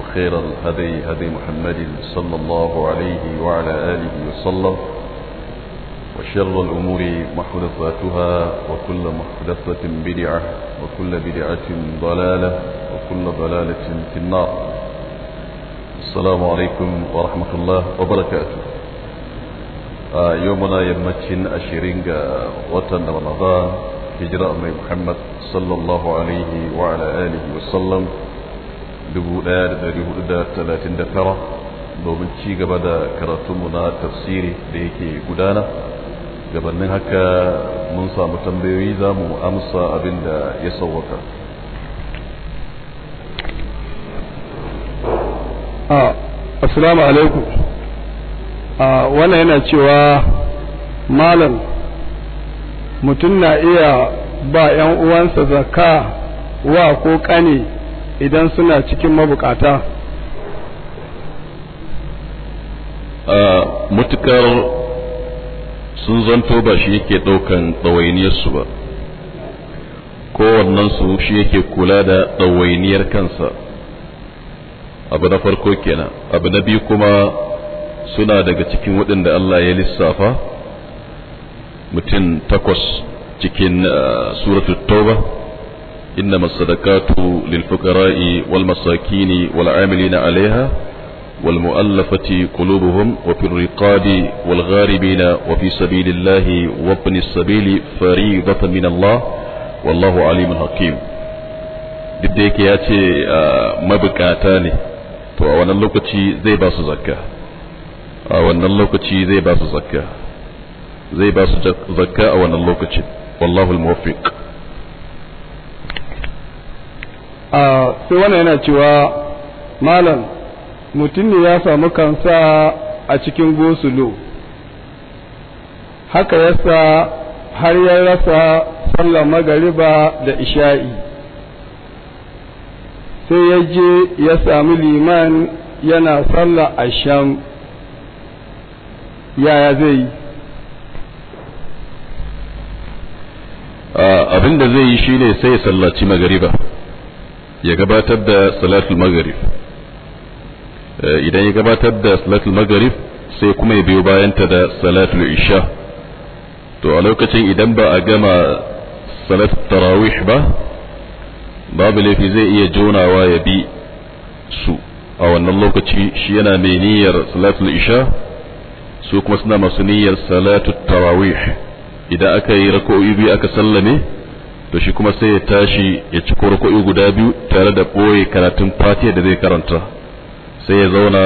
وخير الهدي هدي محمد صلى الله عليه وعلى آله وسلم وشر الأمور محدثاتها وكل محدثة بدعة وكل بدعة ضلالة وكل ضلالة في النار السلام عليكم ورحمة الله وبركاته آه، يومنا يمتشن أشيرين وطن رمضان هجرة محمد صلى الله عليه وعلى آله وسلم 1439 domin ci gaba da karatunmu na tafsiri da yake gudana gabanin haka mun samu tambayoyi za mu amsa abin da ya sauwaka assalamu alaikum wannan yana cewa malam mutum na iya ba 'yan uwansa zaka wa ko kane idan suna cikin mabukata a mutukar sun zanto ba shi yake ɗaukan ɗawainiyarsu ba kowannensu shi yake kula da ɗawainiyar kansa abu na farko kenan abu na biyu kuma suna daga cikin waɗanda Allah ya lissafa mutum takwas cikin eh, suratul tauba إنما الصدقات للفقراء والمساكين والعاملين عليها والمؤلفة قلوبهم وفي الرقاب والغاربين وفي سبيل الله وابن السبيل فريضة من الله والله عليم حكيم duk yake ya ce mabukata ne to a wannan lokaci zai ba su zakka a wannan lokaci zai ba su zakka zai ba su zakka a wannan lokacin wallahu muwaffiq a sai wannan yana cewa malam mutum ne ya samu kansa a cikin gosulo haka yasa har ya rasa sallar magariba da isha'i sai ya je ya sami liman yana sallar asham yaya zai yi abin da zai yi shi ne sai ya sallaci magariba ya gabatar da salatul maghrib eh, idan ya gabatar da salatul maghrib sai kuma ya biyo bayanta da salatul isha to a lokacin idan ba a gama salatul tarawih ba babu laifi zai iya jonawa ya bi su a wannan lokaci shi yana mai niyyar salatul isha su kuma suna masu niyyar salatul tarawih idan aka yi rako'i biyu aka sallame to shi kuma sai ya tashi ya ci kurkuɗi guda biyu tare da ɓoye karatun fatiha da zai karanta sai ya zauna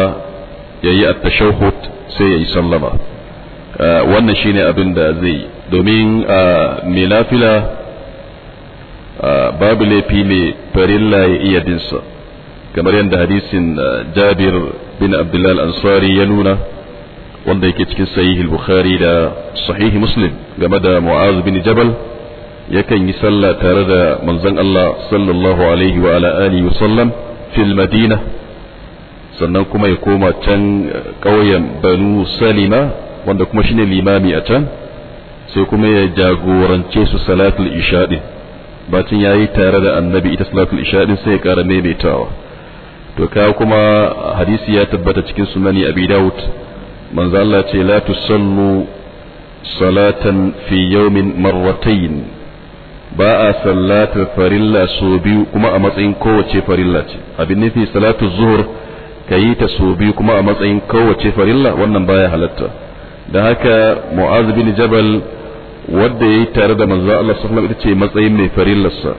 ya yi attashahud sai ya yi sallama ah, wannan shine abin da zai yi domin ah, mai lafila ah, babu laifi mai farilla ya iya binsa kamar yadda hadisin jabir bin abdullal ansari ya nuna wanda yake cikin al bukhari da sahihi muslim game da mu'az bin jabal yakan yi sallah tare da manzon Allah sallallahu alaihi wa ala alihi wa sallam fil madina sannan kuma ya koma can eh, ƙauyen banu salima wanda kuma shine limami a can sai kuma ya jagorance su salatul isha din bacin yayi tare da annabi ita salatul isha din sai ya ƙara maimaitawa to ka kuma hadisi ya tabbata cikin sunani abi daud manzo Allah ce la tusallu salatan fi yawmin marratayn ba a sallatar farilla sau biyu kuma a matsayin kowace farilla ce abin nufi salatu zuhur ka yi ta sau biyu kuma a matsayin kowace farilla wannan baya halatta da haka mu'az bin jabal wadda yi tare da manzo Allah sallallahu alaihi wasallam matsayin mai farillarsa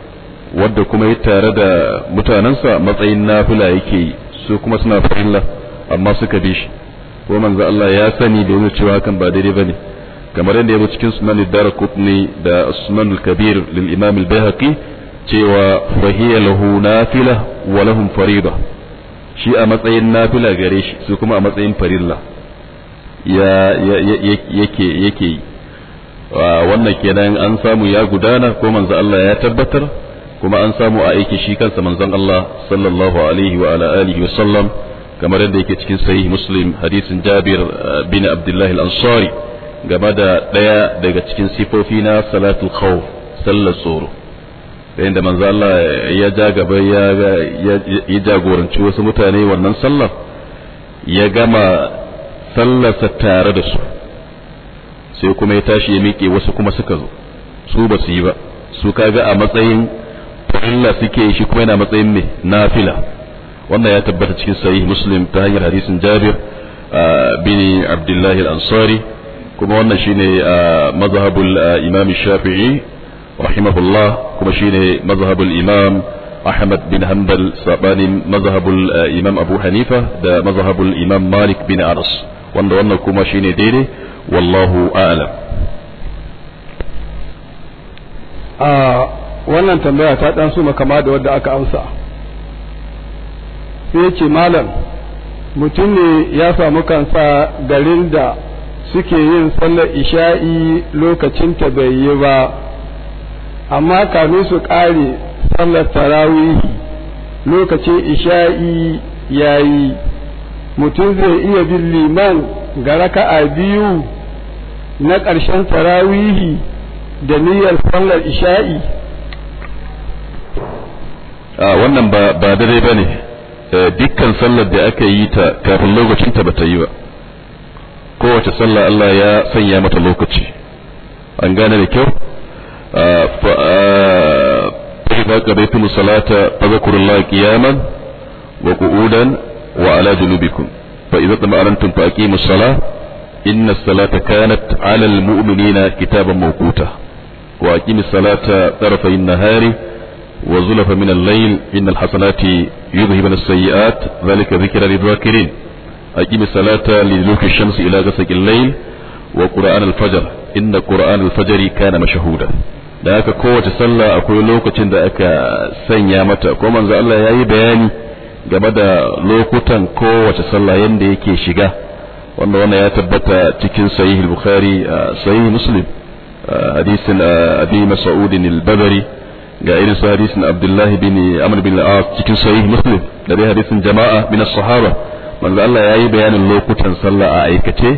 wadda kuma yayi tare da mutanansa matsayin nafila yake yi su kuma suna farilla amma suka bi shi ko manzo Allah ya sani da yana cewa hakan ba daidai bane kamar yadda ya cikin sunan ad-darqutni da sunan kabir lil imam al-bayhaqi cewa fahiya lahu nafila wa lahum farida shi a matsayin nafila gare shi su kuma a matsayin farilla ya yake yake yi wannan kenan an samu ya gudana ko manzo Allah ya tabbatar kuma an samu a aiki shi kansa manzon Allah sallallahu alaihi wa ala alihi wa sallam kamar yadda yake cikin sahih muslim hadisin Jabir eh, bin Abdullah al-Ansari game da ɗaya daga cikin sifofi na salatul khawf sallar tsoro yayin da manzo Allah ya ja gaba ya ya jagoranci wasu mutane wannan sallar ya gama sallar sallarsa tare da su sai kuma ya tashi ya miƙe wasu kuma suka zo su ba su yi ba su kaga a matsayin Allah suke shi kuma yana matsayin mai nafila wannan ya tabbata cikin sahih muslim ta hanyar hadisin jabir ah, bin abdullahi al-ansari kuma wannan shine mazhabul imam shafi'i rahimahullah kuma shine mazhabul imam ahmad bin hanbal sabanin mazhabul imam abu hanifa da mazhabul imam malik bin Aras wanda wannan kuma shine daidai wallahu a'lam wannan tambaya ta dan su kama da wadda aka amsa sai ce malam mutum ne ya samu kansa garin da suke yin sallar isha'i lokacinta bai yi ba amma kafin su ƙare sallar tarawihi lokacin isha'i yayi mutum zai iya bin liman ga raka'a biyu na ƙarshen tarawih da niyyar sallar isha'i a wannan ba daidai ba ne eh, dukkan sallar da aka yi ta kafin lokacin ta bata yi ba kowace sallah Allah ya sanya mata lokaci an gane da kyau fa fa ga bai tun salata fa zakuru Allah qiyaman wa qu'udan wa ala junubikum fa idza tamarantum fa aqimus salah inna salata kanat ala al mu'minina kitaban mawquta wa aqimus salata tarfa in nahari wa zulafa min al layl innal hasanati yudhibu as sayiat dhalika dhikra lil dhakirin أقم الصلاة لدلوك الشمس إلى غسق الليل وقرآن الفجر إن قرآن الفجر كان مشهودا da aka kowace sallah akwai lokacin da aka sanya mata ko manzo Allah ya yi bayani game da lokutan kowace sallah yadda yake shiga wanda wannan ya tabbata cikin sahih bukhari sahih muslim hadisin abi mas'ud al-badri ga irin su hadisin abdullahi bin amr bin al-as cikin sahih muslim da hadisin jama'a min as-sahaba manzo Allah ya yi bayanin lokutan sallah a aikace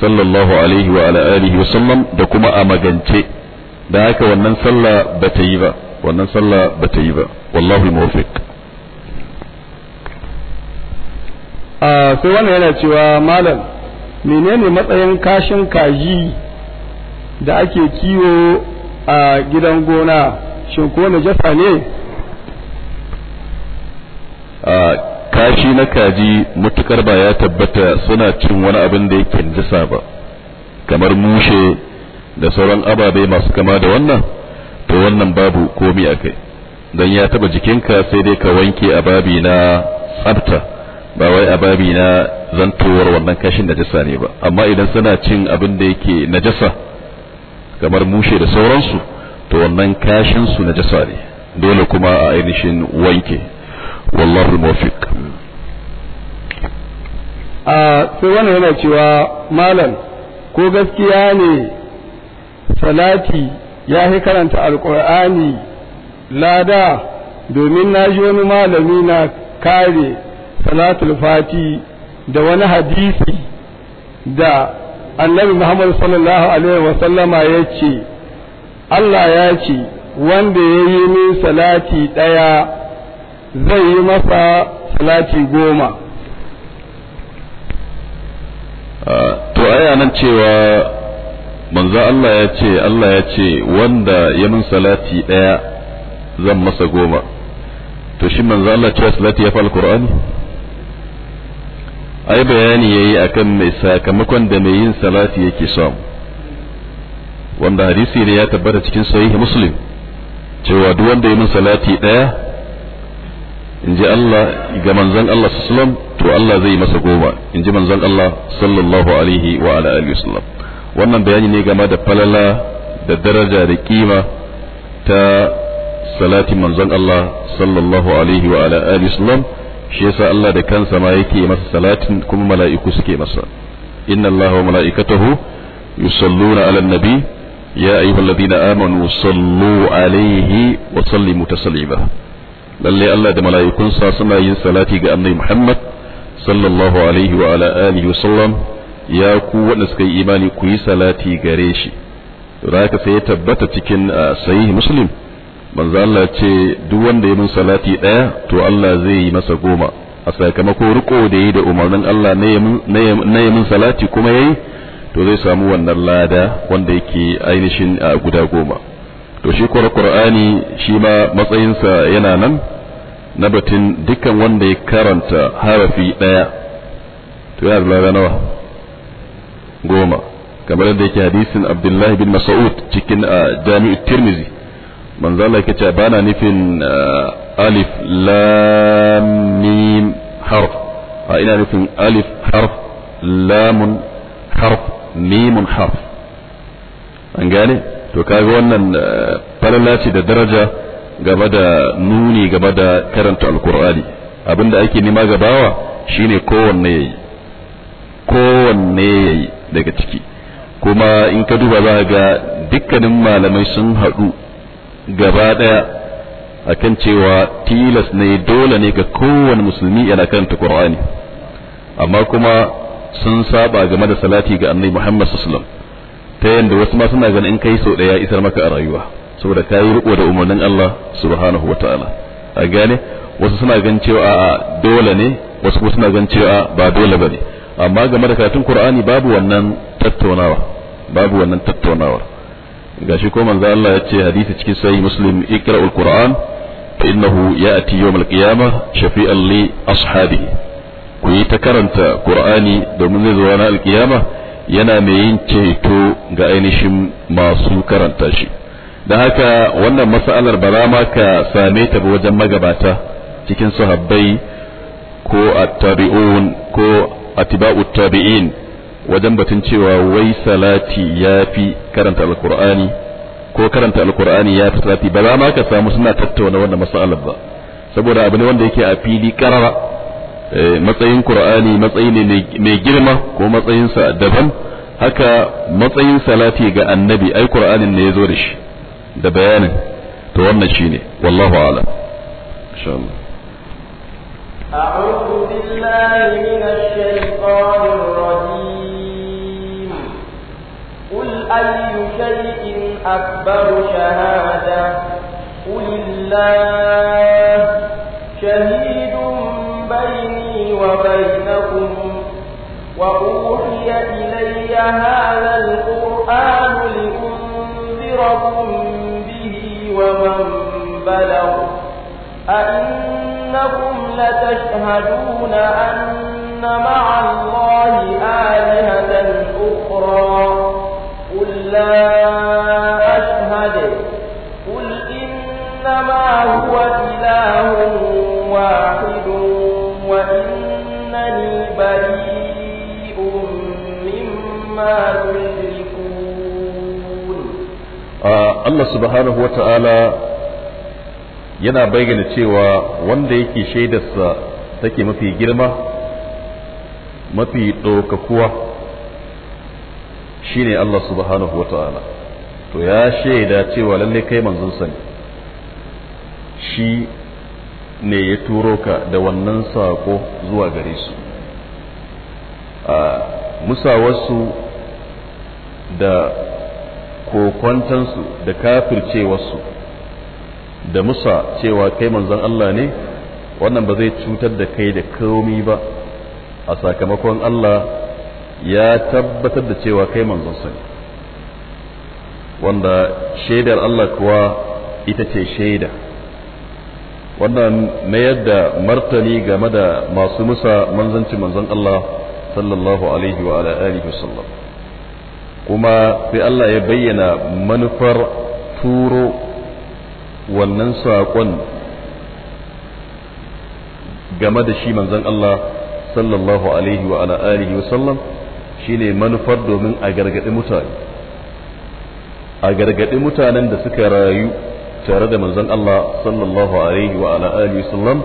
sallallahu alaihi wa ala alihi wa sallam da kuma a magance da haka wannan sallah ba ta yi ba wannan sallah ba ta yi ba wallahu muwaffiq a sai wannan yana cewa malam menene matsayin kashin kaji da ake kiwo a gidan gona shin ko najasa ne na kaji mutukar ba ya tabbata suna cin wani abin da yake jisa ba kamar mushe da sauran ababe masu kama da wannan to wannan babu komi a kai don ya taba jikinka sai dai ka wanke a babi na tsabta ba wai a babi na zantowar wannan kashin najasa ne ba amma idan suna cin abin da yake najasa kamar mushe da sauransu to wannan kashin su najasa ne dole kuma a ainihin wanke والله الموفق a sai wannan yana cewa malam ko gaskiya ne salati ya fi karanta alkur'ani lada domin na ji wani malami na kare salatul fati da wani hadisi da annabi muhammadu sallallahu alaihi wasallama ya ce allah ya ce wanda ya yi min salati ɗaya zai yi masa salati goma to aya nan cewa manzo Allah ya ce Allah ya ce wanda ya min salati daya zan masa goma to shi manzo Allah ce salati ya fa alqur'ani ai bayani yayi akan mai sakamakon da mai yin salati yake samu wanda hadisi ne ya tabbata cikin sahihi muslim cewa duk wanda ya min salati daya in ji Allah ga manzan Allah sallam to Allah zai masa goma in ji manzon Allah sallallahu alaihi wa ala alihi sallam wannan bayani ne game da falala da daraja da kima ta salatin manzan Allah sallallahu alaihi wa ala alihi sallam shi yasa Allah da kansa ma yake masa salatin kuma mala'iku suke masa inna Allah wa mala'ikatahu yusalluna ala nabi ya ayyuhalladhina amanu sallu alaihi wa sallimu taslima lalle Allah da mala'ikunsa suna yin salati ga annabi Muhammad sallallahu alaihi wa ala ya ku wanda suka yi imani ku yi salati gare shi zaka sai ya tabbata cikin sahihi muslim manzo Allah ce duk wanda ya min salati ɗaya to Allah zai yi masa goma a sakamako riko da yi da umarnin Allah na yi min salati kuma yayi to zai samu wannan lada wanda yake ainihin guda goma to shi kuwa qur'ani shi ma matsayinsa yana nan na batun dukkan wanda ya karanta harafi ɗaya to yana da nawa goma kamar yadda yake hadisin abdullahi bin mas'ud cikin a ah, jami'u tirmizi manzo Allah yake cewa bana nufin ah, alif lam mim harf a ina nufin alif harf lamun harf mimun harf an gane to kaga wannan eh, falala ce da daraja game da nuni game da karanta alkur'ani abinda ake nema ga bawa shine kowanne yayi kowanne yayi daga ciki kuma in ka duba za ga dukkanin malamai sun haɗu gaba ɗaya akan cewa tilas ne dole ne ga kowane musulmi yana karanta qur'ani amma kuma sun saba game da salati ga annabi Muhammad sallallahu alaihi wasallam ta yanda wasu ma suna ganin in kai sau daya isar maka a rayuwa saboda ka yi riko da umarnin Allah subhanahu wa ta'ala a gane wasu suna gan cewa a dole ne wasu kuma suna gan cewa ba dole bane amma game da karatun Qur'ani babu wannan tattaunawa babu wannan tattaunawar gashi ko manzo Allah ya ce hadisi cikin sahih Muslim iqra'ul Qur'an fa innahu ya'ti yawmal qiyamah shafi'an li ashabihi ku yi ta karanta Qur'ani domin zai zo ranar alkiyama yana mai yin ceto ga ainihin masu karanta shi da haka wannan mas'alar ba za ma ka same ta wajen magabata cikin sahabbai ko at ko atiba'u tabi'in wajen batun cewa wai salati ya fi karanta alkur'ani ko karanta alkur'ani ya fi salati ba za ma ka samu suna tattauna wannan mas'alar ba saboda abu ne wanda yake a fili karara matsayin qur'ani matsayi ne mai girma ko matsayin sa daban haka matsayin salati ga annabi ai qur'anin ne yazo da shi da bayanin to wannan shine wallahu a'lam insha Allah a'udhu billahi minash الشيطان rajim qul ayyu shay'in akbaru shahada qul الله shahid وبينكم وَأُوحِيَ إِلَيَّ هَذَا الْقُرْآنُ لِأُنذِرَكُم بِهِ وَمَن بَلَغَ أَئِنَّكُمْ لَتَشْهَدُونَ أَنَّ مَعَ اللَّهِ آلِهَةً أُخْرَى قُل لَّا أَشْهَدُ قُلْ إِنَّمَا هُوَ إِلَٰهٌ وَاحِدٌ Allah subhanahu wata'ala yana bayyana cewa wanda yake shaidarsa take mafi girma mafi ɗaukakuwa ne Allah subhanahu wa to ya shaida cewa lalle kai manzon sani shi ne ya turo ka da wannan sako zuwa gare su wasu. da kokontansu da kafircewarsu da musa cewa kai manzon Allah ne wannan ba zai cutar da kai da komi ba a sakamakon Allah ya tabbatar da cewa kai manzon sa ne wanda shaidar Allah kuwa ita ce shaida wannan na yadda martani game da masu musa manzanci manzon Allah sallallahu alaihi wa alihi wasallam kuma sai Allah ya bayyana manufar turo wannan saƙon game da shi manzon Allah sallallahu alaihi wa ala alihi wa sallam shine manufar domin a gargaɗi mutane a gargaɗi mutanen da suka rayu tare da manzon Allah sallallahu alaihi wa ala alihi wa sallam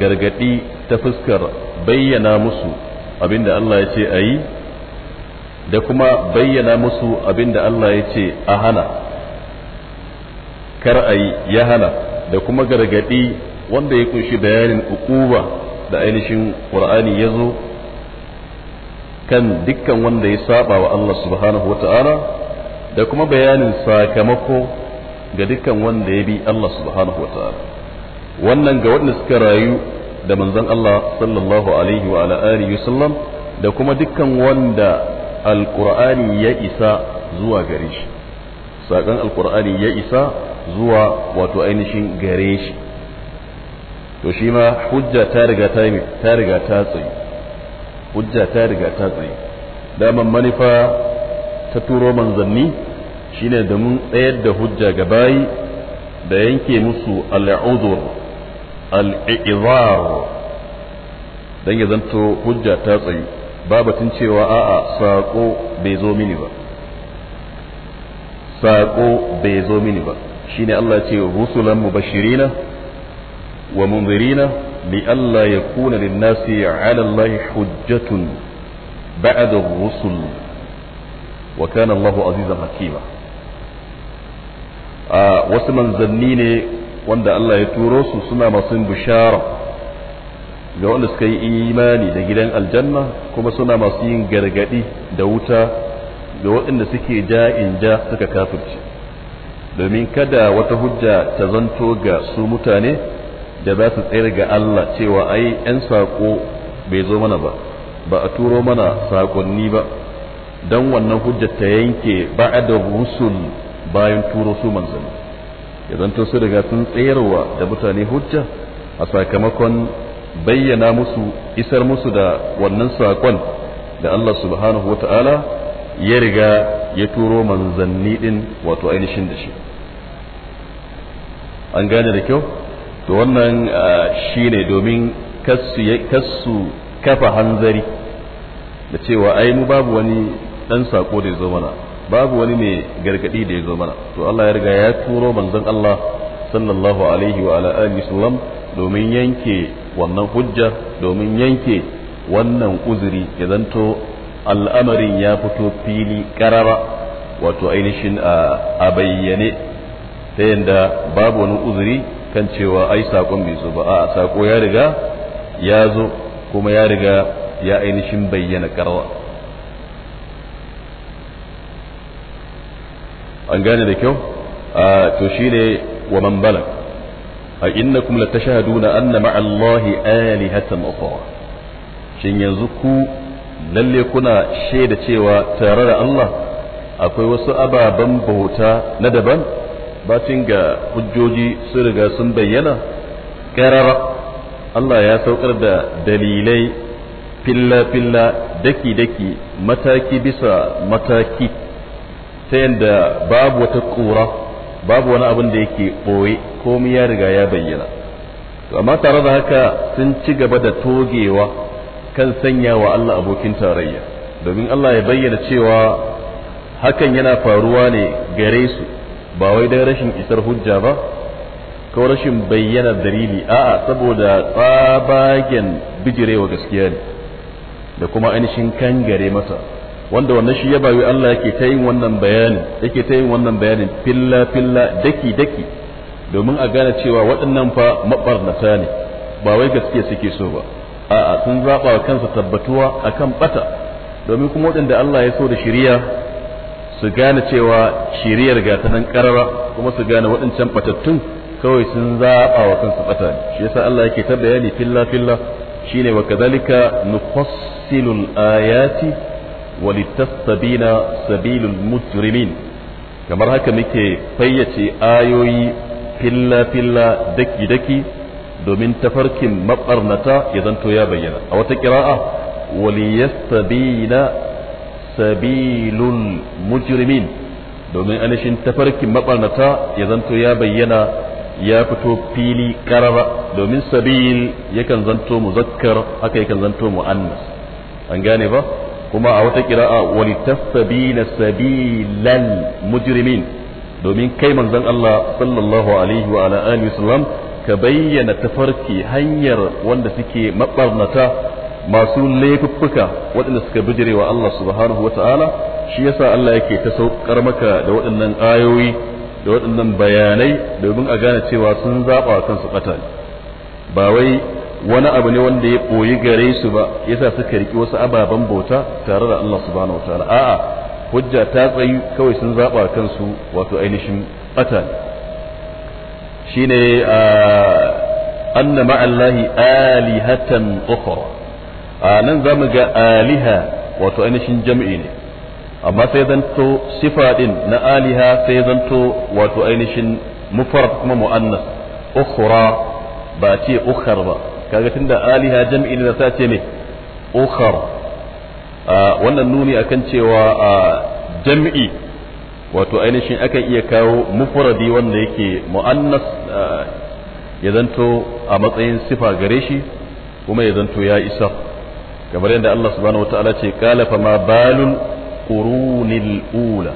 gargaɗi ta fuskar bayyana musu abinda Allah ya ce a yi da kuma bayyana musu abin da Allah ya ce a hana kar a yi ya hana da kuma gargaɗi wanda ya kunshi bayanin ukuba da ainihin ƙur'ani ya zo kan dukkan wanda ya saba wa Allah subhanahu wa ta'ala da kuma bayanin sakamako ga dukkan wanda ya bi Allah subhanahu wa ta'ala wannan ga wanda suka rayu da manzon Allah sallallahu alaihi wa alihi wasallam da kuma dukkan wanda Alƙur'ani ya isa zuwa gare shi saƙon alqur'ani ya isa zuwa wato ainihin gare shi to shi ma hujja ta riga ta riga ta hujja ta riga ta daman manufa ta turo manzanni shine da mun tsayar da hujja ga bayi da yanke musu al'udur al'izar dan ya zanto hujja ta tsayi babatun cewa a'a saƙo bai zo mini ba saƙo bai zo mini ba shine Allah ce rusulan mubashirina wa munzirina li Allah ya kuna linnasi ala Allah hujjatun ba'da rusul wa kana Allah azizan hakima a wasu manzanni ne wanda Allah ya turo su suna masu bishara ga wanda suka yi imani da gidan aljanna kuma suna masu yin gargadi da wuta ga waɗanda suke ja in ja suka kafirce domin kada wata hujja ta zanto ga su mutane da za su tsayar ga Allah cewa ai 'yan saƙo bai zo mana ba ba a turo mana saƙonni ba don wannan hujja ta yanke ba a da rusul bayan turo su manzanni ya zanto su riga sun tsayarwa da mutane hujja a sakamakon bayyana musu isar musu da wannan saƙon da Allah subhanahu wa ta'ala ya riga ya turo manzanni ɗin wato ainihin da shi an gane da kyau to wannan shi ne domin kassu kafa hanzari da cewa ai mu babu wani ɗan saƙo da ya zo mana babu wani mai gargaɗi da ya zo mana to Allah ya riga ya turo manzon Allah sallallahu alaihi wa alihi domin yanke wannan hujja domin yanke wannan uzuri ya zanto al'amarin ya fito fili karara wato ainihin a bayyane ta yadda babu wani uzuri kan cewa ai saƙon bai zo ba a saƙo ya riga ya zo kuma ya riga ya ainihin bayyana karawa an gane da kyau to shi ne wa man balan. a innakum latashhaduna anna ma'a Allahi alihatan ukhra shin yanzu ku lalle kuna shaida cewa tare da Allah akwai wasu ababen bauta na daban bacin ga hujjoji sun riga sun bayyana ƙarara Allah ya saukar da dalilai filla-filla daki-daki mataki bisa mataki ta yadda babu wata ƙura babu wani abin da yake ɓoye komai ya riga ya bayyana amma tare da haka sun ci gaba da togewa kan sanya wa Allah abokin tarayya domin Allah ya bayyana cewa hakan yana faruwa ne gare su ba wai don rashin isar hujja ba ko rashin bayyana dalili a'a saboda tsabagen bijirewa gaskiya ne da kuma ainihin kan gare masa wanda wannan shi ya bayu Allah yake ta yin wannan bayani yake ta yin wannan bayanin filla filla daki daki domin a gane cewa waɗannan fa mabarnata ne ba wai gaskiya suke so ba a'a sun zaba wa tabbatuwa akan bata domin kuma waɗanda Allah ya so da shiriya su gane cewa shiriyar ga ta nan karara kuma su gane waɗancan batattun kawai sun zaɓa wa kansu bata ne shi yasa Allah yake ta bayani filla filla shine wa kadhalika nufassilul ayati walitastabina sabilul mujrimin kamar haka muke fayyace ayoyi filla-filla daki-daki domin tafarkin maɓarnata ya zanto ya bayyana a wata ƙira'a waliyastabina sabilul mujrimin domin anishin tafarkin maɓarnata ya zanto ya bayyana ya fito fili ƙarara domin sabil yakan zanto muzakkar haka yakan zanto mu'annas an gane ba kuma a wata kira'a walitastabina sabilal mujrimin domin kai manzon Allah sallallahu alaihi wa ala alihi wasallam ka bayyana tafarki hanyar wanda suke mabarnata masu laifuffuka waɗanda suka bijire wa Allah subhanahu wata'ala shi yasa Allah yake ta saukar maka da waɗannan ayoyi da waɗannan bayanai domin a gane cewa sun zaɓa kansu ƙata ba wai wani abu ne wanda ya boyi gare su ba yasa suka riki wasu ababen bauta tare da Allah subhanahu wataala a'a hujja ta tsayi kawai sun zaba kansu wato ainihin ne shine anna ma'allahi alihatan ukhra a nan zamu ga aliha wato ainihin jam'i ne amma sai zanto sifa din na aliha sai zanto wato ainihin mufarad kuma mu'annas ukhra ba ce ukhar ba kaga tunda aliha jam'i ne sa ce ne ukhar wannan nuni akan cewa jam'i wato ainihin akan iya kawo mufradi wanda yake mu'annas ya zanto a matsayin sifa gare shi kuma ya zanto ya isa kamar yadda Allah subhanahu wataala ce kala fa ma balul qurunil ula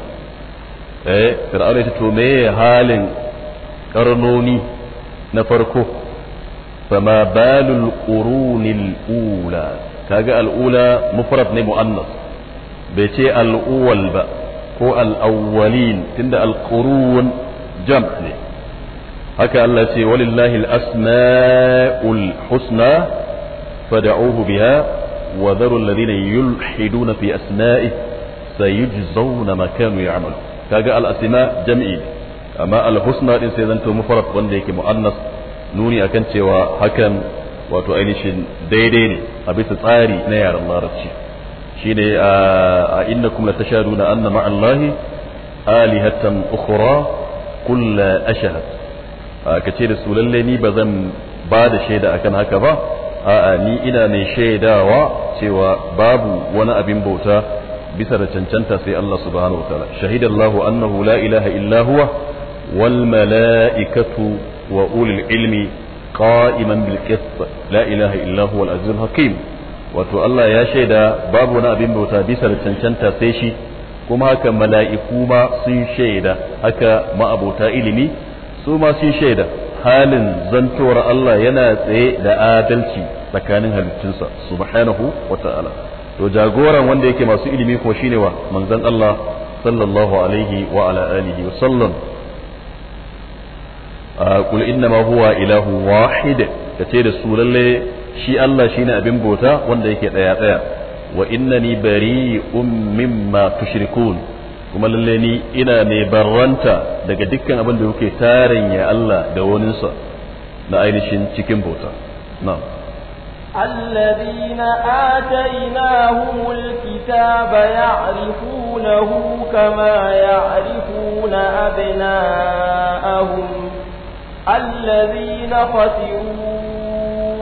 eh fir'auna ya ce to me halin karnoni na farko فما بال القرون الأولى كاجا الأولى مفرد مؤنث بيتي الأول با هو الأولين تند القرون جمع هكا التي ولله الأسماء الحسنى فدعوه بها وذروا الذين يلحدون في أسمائه سيجزون ما كانوا يعملون كاجا الأسماء جمعين أما الحسنى إن سيدنت مفرد ونديك مؤنث nuni akan cewa hakan wato ainihin daidai ne a bisa tsari na yaren larabci shine a innakum latashaduna anna ma'allahi alihatan ukhra kull ashhad ce da su lallai ni ba zan ba da shaida akan haka ba a'a ni ina mai shaidawa cewa babu wani abin bauta bisa da cancanta sai Allah subhanahu wa ta'ala shahidallahu annahu la ilaha illa huwa wal mala'ikatu وأولي العلم قائما بالقسط لا إله إلا هو العزيز الحكيم wato Allah ya shaida babu wani abin bauta bisa da cancanta sai shi kuma haka mala'iku ma sun shaida haka ma'abota ilimi su ma sun shaida halin zantowar Allah yana tsaye da adalci tsakanin halittunsa subhanahu wa ta'ala to jagoran wanda yake masu ilimi ko shine wa manzon Allah sallallahu alaihi wa ala alihi wa sallam Ah, qul inna ma huwa ilahu wahid kace da su lallai shi Allah shine abin bota wanda yake daya daya wa ni innani bari'un mimma tushrikun kuma lallai ni ina mai barranta daga dukkan abin da kuke tarin ya Allah da waninsa na ainihin cikin bota na na'am الذين آتيناهم الكتاب يعرفونه كما يعرفون أبناءهم الذين خسروا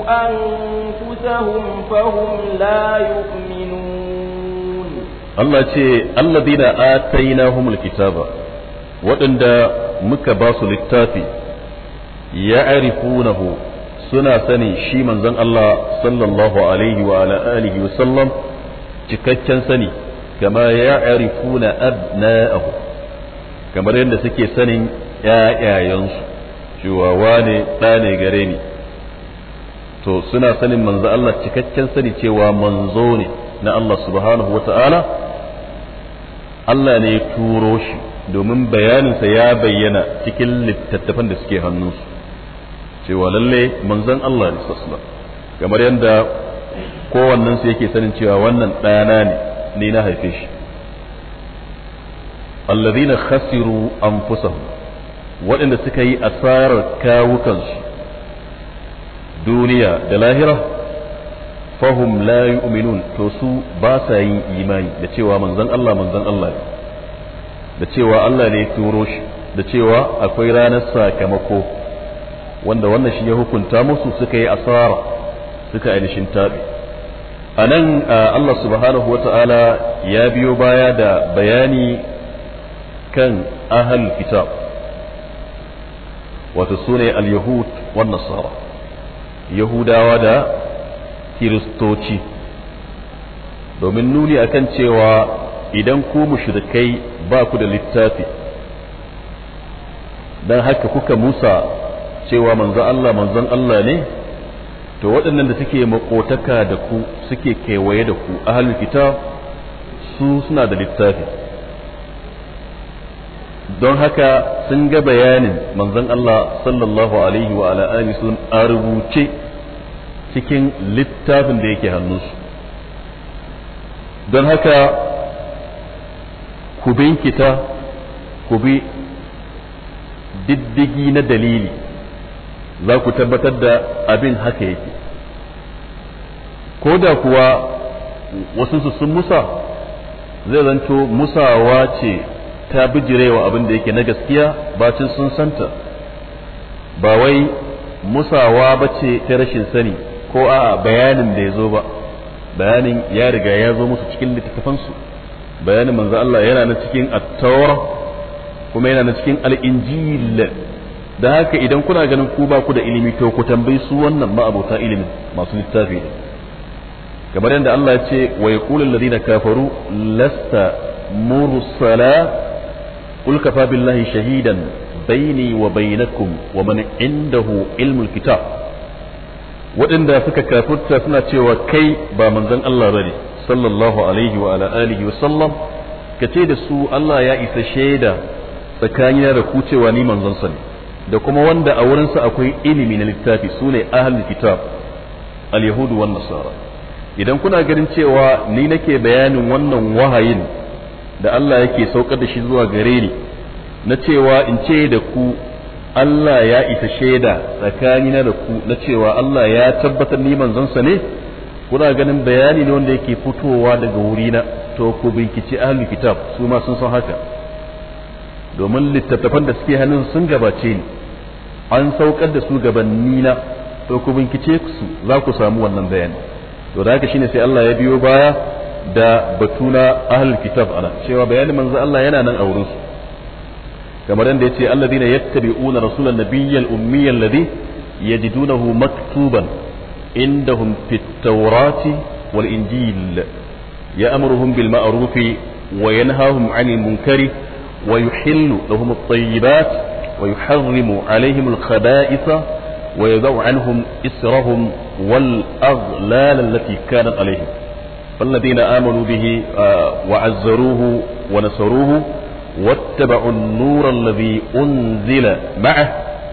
أنفسهم فهم لا يؤمنون الله تي الذين آتيناهم الكتاب وعند مكباس للتافي يعرفونه suna sani shi manzon Allah sallallahu alaihi wa ala alihi wa sallam cikakken sani kama ya'rifuna abna'ahu kamar yadda suke sanin ƴaƴayensu cewa wane ne gare ni to suna sanin manzo Allah cikakken sani cewa manzo ne na Allah subhanahu wa ta'ala Allah ne ya turo shi domin bayaninsa ya bayyana cikin littattafan da suke hannunsu cewa lalle manzon Allah ne sassuwa kamar yadda kowannensu yake sanin cewa wannan ɗana ne ni na haife shi allazina khasiru anfusahum waɗanda suka yi asarar kawukansu duniya da lahira fahum la yu'minun to su ba sa yin imani da cewa manzon Allah manzon Allah ne da cewa Allah ne turo shi da cewa akwai ranar sakamako wanda wannan shi ya hukunta musu suka yi asara suka ainihin tabi a nan Allah subhanahu wa ta'ala ya biyo baya da bayani kan ahal kitab wato su ne al-yahud wan nasara yahudawa da kiristoci domin nuni akan cewa idan ku mushrikai ba ku da littafi dan haka kuka musa cewa manzo Allah manzon Allah ne to waɗannan da suke makotaka da ku suke kewaye da ku ahlul kitab su suna da littafi don haka sun ga bayanin manzon Allah sallallahu alaihi wa ala alihi sun a cikin littafin da yake hannunsu don haka ku binkita ku bi diddigi na dalili za ku tabbatar da abin haka yake ko da kuwa wasu sun musa zai zanto musawa ce ta bijirewa abin da yake na gaskiya bacin sun santa ba wai musawa ba ce ta rashin sani ko a bayanin da ya zo ba bayanin ya riga ya zo musu cikin littattafansu bayanin manzo Allah yana na cikin at kuma yana na cikin al da haka idan kuna ganin ku ba ku da ilimi to ku tambayi su wannan ma'abota ilimi masu littafi kamar yadda Allah ya ce wa yaqulu alladhina kafaru lasta mursala قل كفى بالله شهيدا بيني وبينكم ومن عنده علم الكتاب waɗanda suka kafurta suna cewa kai ba manzon Allah bane sallallahu alaihi wa ala alihi wa sallam ka ce da su Allah ya isa shaida tsakanina da ku cewa ni manzon sa ne da kuma wanda a wurinsa akwai ilimi na littafi su ne ahlul kitab al yahudu wan nasara idan kuna ganin cewa ni nake bayanin wannan wahayin da Allah yake saukar da shi zuwa gare ni na cewa in ce da ku Allah ya isa shaida tsakanina da ku na cewa Allah ya tabbatar ni manzonsa ne kuna ganin bayani ne wanda yake fitowa daga wurina to ku binkici ahlul kitab su ma sun san haka domin littattafan da suke hannun sun gabace ni an saukar da su gabannina to ku binkice su za ku samu wannan bayani to da haka shine sai Allah ya biyo baya da batuna ahlul kitab ana cewa bayanin manzo Allah yana nan a wurin su kamar yadda yace alladhina yattabi'una rasulan nabiyyal ummiyal alladhi yajidunahu maktuban indahum fit tawrati wal injil ya'muruhum bil ma'rufi wa yanhahum 'anil munkari wa yuhillu lahum at-tayyibat wa yuharrimu 'alayhim al-khaba'itha wa yadh'u 'anhum israhum wal aghlal allati kanat 'alayhim والذين آمنوا به وعزروه ونصروه واتبعوا النور الذي أنزل معه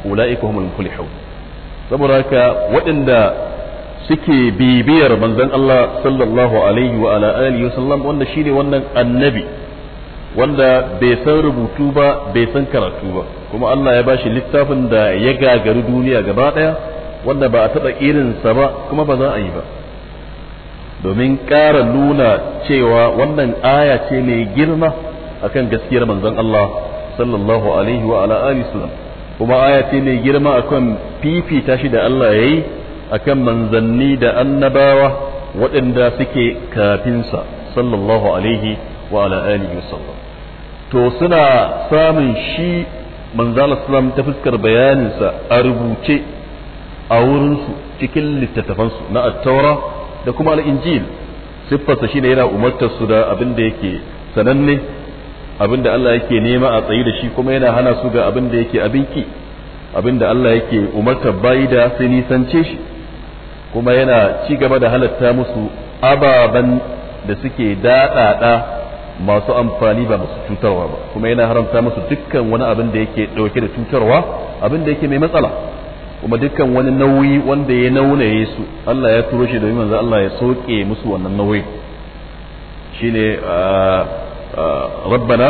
أولئك هم المفلحون saboda haka waɗanda suke bibiyar manzon Allah sallallahu alaihi wa ala alihi wasallam wanda shine wannan annabi wanda bai san rubutu ba bai san karatu ba kuma Allah ya bashi littafin da ya gagari duniya gaba daya wanda ba a taɓa irinsa ba kuma ba za a yi ba domin ƙara nuna cewa wannan aya ce mai girma akan gaskiyar manzon Allah sallallahu alaihi wa ala alihi kuma aya ce mai girma akan fifita shi da Allah yayi akan manzanni da annabawa waɗanda suke kafinsa sallallahu alaihi wa ala alihi wasallam to suna samun shi manzon Allah ta fuskar bayaninsa a rubuce a wurinsu cikin littattafansu na at-taura da kuma al-injil siffarsa shine yana umartar su da abin da yake sananne abin da Allah yake nema a tsayi da shi kuma yana hana su ga abin da yake abinki abin da Allah yake umartar bayi da sai nisance shi kuma yana ci gaba da halatta musu ababen da suke daɗaɗa masu amfani ba masu cutarwa ba kuma yana haramta musu dukkan wani abin da yake ɗauke da cutarwa abin da yake mai matsala kuma dukkan wani nauyi wanda ya naunaye su Allah ya turo shi domin manzo Allah ya sauke musu wannan nauyi shine rabbana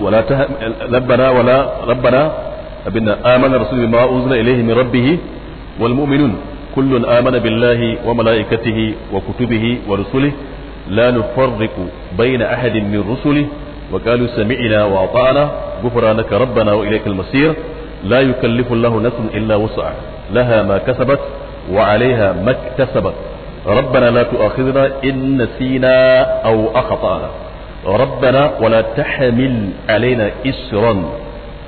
wala rabbana wala rabbana abinna amana rasulu bima unzila ilayhi min rabbih wal mu'minun kullun amana billahi wa malaikatihi wa kutubihi wa rusulihi la nufarriqu bayna ahadin min rusulihi وقالوا سمعنا وأطعنا غفرانك ربنا وإليك المصير لا يكلف الله نفسا إلا وسع لها ما كسبت وعليها ما اكتسبت ربنا لا تؤاخذنا إن نسينا أو أخطأنا ربنا ولا تحمل علينا إسرا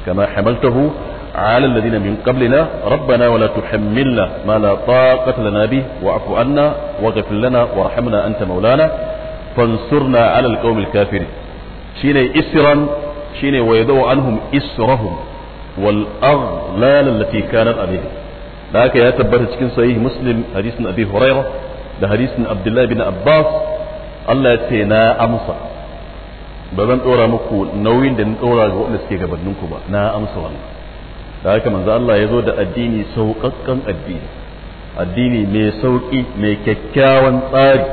كما حملته على الذين من قبلنا ربنا ولا تحملنا ما لا طاقة لنا به واعف عنا واغفر لنا وارحمنا أنت مولانا فانصرنا على القوم الكافرين شيني إسرا شيني ويدو عنهم إسرهم wal aghlal allati kanat alayhi da haka ya tabbata cikin sahih muslim hadisin abi hurairah da hadisin abdullahi bin abbas Allah ya ce na amsa ba zan dora muku nauyin da na dora ga waɗanda suke gabaninku ba na amsa wannan da haka manzo Allah ya zo da addini sauƙaƙƙen addini addini mai sauƙi mai kyakkyawan tsari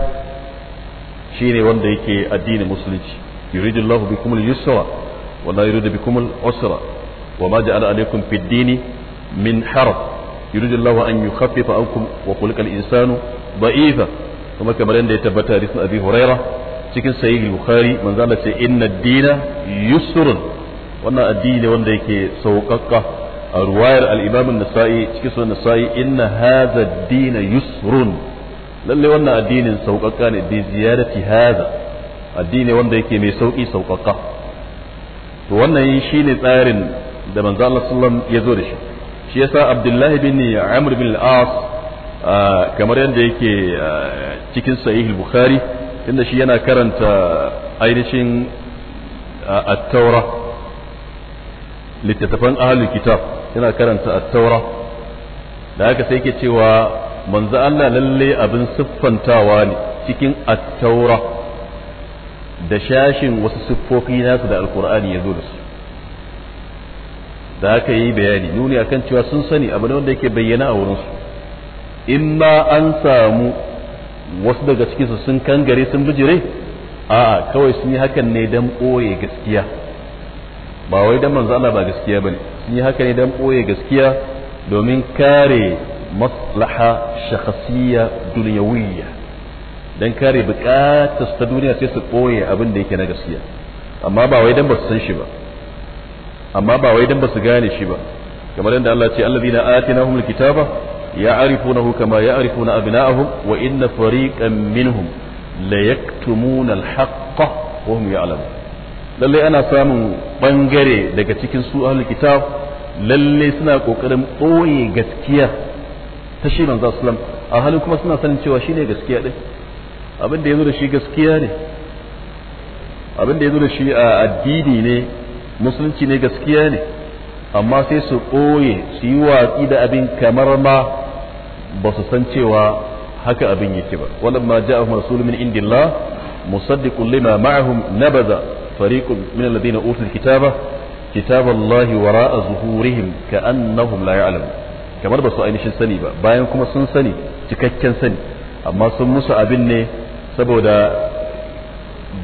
shine wanda yake addinin musulunci yuridu Allah yusra wa la yuridu bikum usra وما جعل عليكم في الدين من حرج يريد الله أن يخفف عنكم وخلق الإنسان ضعيفا kuma kamar yadda ya tabbata hadisin Abi Huraira cikin sahih Bukhari manzo Allah ce inna ad-dina yusrun wannan addini ne wanda yake sauƙaƙƙa a ruwayar al-Imam an-Nasa'i cikin sunan Nasa'i inna hadha ad-dina yusrun lalle wannan addinin sauƙaƙƙa ne bi ziyarati hadha addini wanda yake mai sauƙi sauƙaƙƙa to wannan shine tsarin da manzo Allah sallallahu ya zo da shi shi yasa Abdullahi bin Amr bin al-As ah, kamar yadda yake ah, cikin sahih al-Bukhari inda shi yana karanta ainihin ah, at-Taura littattafan ahlul kitab yana karanta at-Taura da haka sai yake cewa manzo Allah lalle abin siffantawa ne cikin at-Taura da shashin wasu siffofi nasu da alkur'ani ya zo da su da aka yi bayani nuni kan cewa sun sani abu ne wanda yake bayyana a wurinsu in ma an samu wasu daga cikinsu sun kangare sun bijire a'a kawai sun yi hakan ne don ɓoye gaskiya ba wai don manzo Allah ba gaskiya bane sun yi hakan ne don ɓoye gaskiya domin kare maslaha shakhsiyya dunyawiyya don kare bukatar ta duniya sai su ɓoye abin da yake na gaskiya amma ba wai don ba su san shi ba amma ba wai dan ba su gane shi ba kamar yadda Allah ce alladhina atinahum alkitaba ya'rifunahu kama ya'rifuna abna'ahum wa inna fariqan minhum la yaktumuna alhaqqa wa hum ya'lamun lalle ana samun bangare daga cikin su ahlul kitab lalle suna kokarin ɓoye gaskiya ta shi manzo sallam a halin kuma suna sanin cewa shine gaskiya din abin da yazo da shi gaskiya ne abin da yazo da shi a addini ne musulunci ne gaskiya ne amma sai su ɓoye su yi watsi da abin kamar ma ba su san cewa haka abin yake ba walamma ja'ahum rasulun min indillah musaddiqun lima ma'ahum nabada fariqun min alladhina utul kitaba kitab Allah wara'a zuhurihim ka'annahum la ya'lamun kamar ba su ainihin sani ba bayan kuma sun sani cikakken sani amma sun musu abin ne saboda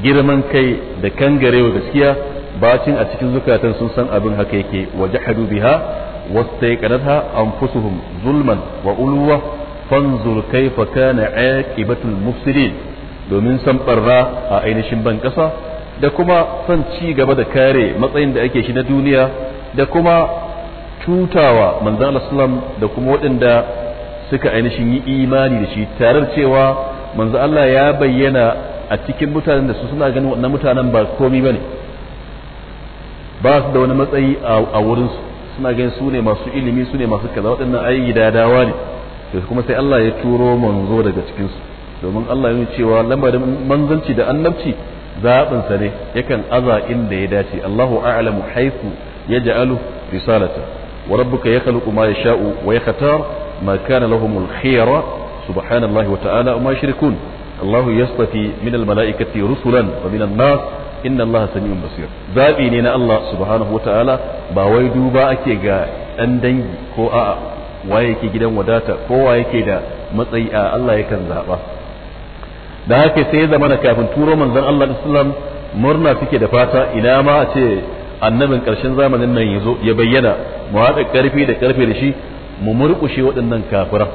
girman kai da kangarewa gaskiya bacin a cikin zukatan sun san abin haka yake wa jahadu biha wastaiqanatha anfusuhum zulman wa ulwa fanzur kaifa kana aqibatul mufsidin domin san barra a ainihin ban kasa da kuma son ci gaba da kare matsayin da ake shi na duniya da kuma cutawa manzon Allah sallam da kuma waɗanda suka ainihin yi imani da shi tare da cewa manzo Allah ya bayyana a cikin mutanen da su suna ganin wannan mutanen ba komai bane ba su da wani matsayi a wurinsu suna ganin su ne masu ilimi su ne masu kaza waɗannan ai gidadawa ne to kuma sai Allah ya turo manzo daga cikinsu domin Allah ya cewa lamarin manzanci da annabci zaɓinsa ne yakan aza inda ya dace Allahu a'lamu haythu yaj'alu risalata wa rabbuka yakhluqu ma yasha'u wa yakhtar ma kana lahumul khiyara subhanallahi wa ta'ala amma yushrikun Allahu yastafi min al-mala'ikati rusulan wa min an-nas inna Allah sami'un basir zabi ne na Allah subhanahu wataala ba wai duba ake ga dan dangi ko a'a waye yake gidan wadata ko waye yake da matsayi a Allah yakan zaba da haka sai ya zama kafin turo manzon Allah sallallahu murna suke da fata ina ma a ce annabin karshen zamanin nan yazo ya bayyana mu haɗa karfi da karfe da shi mu murƙushe waɗannan kafura.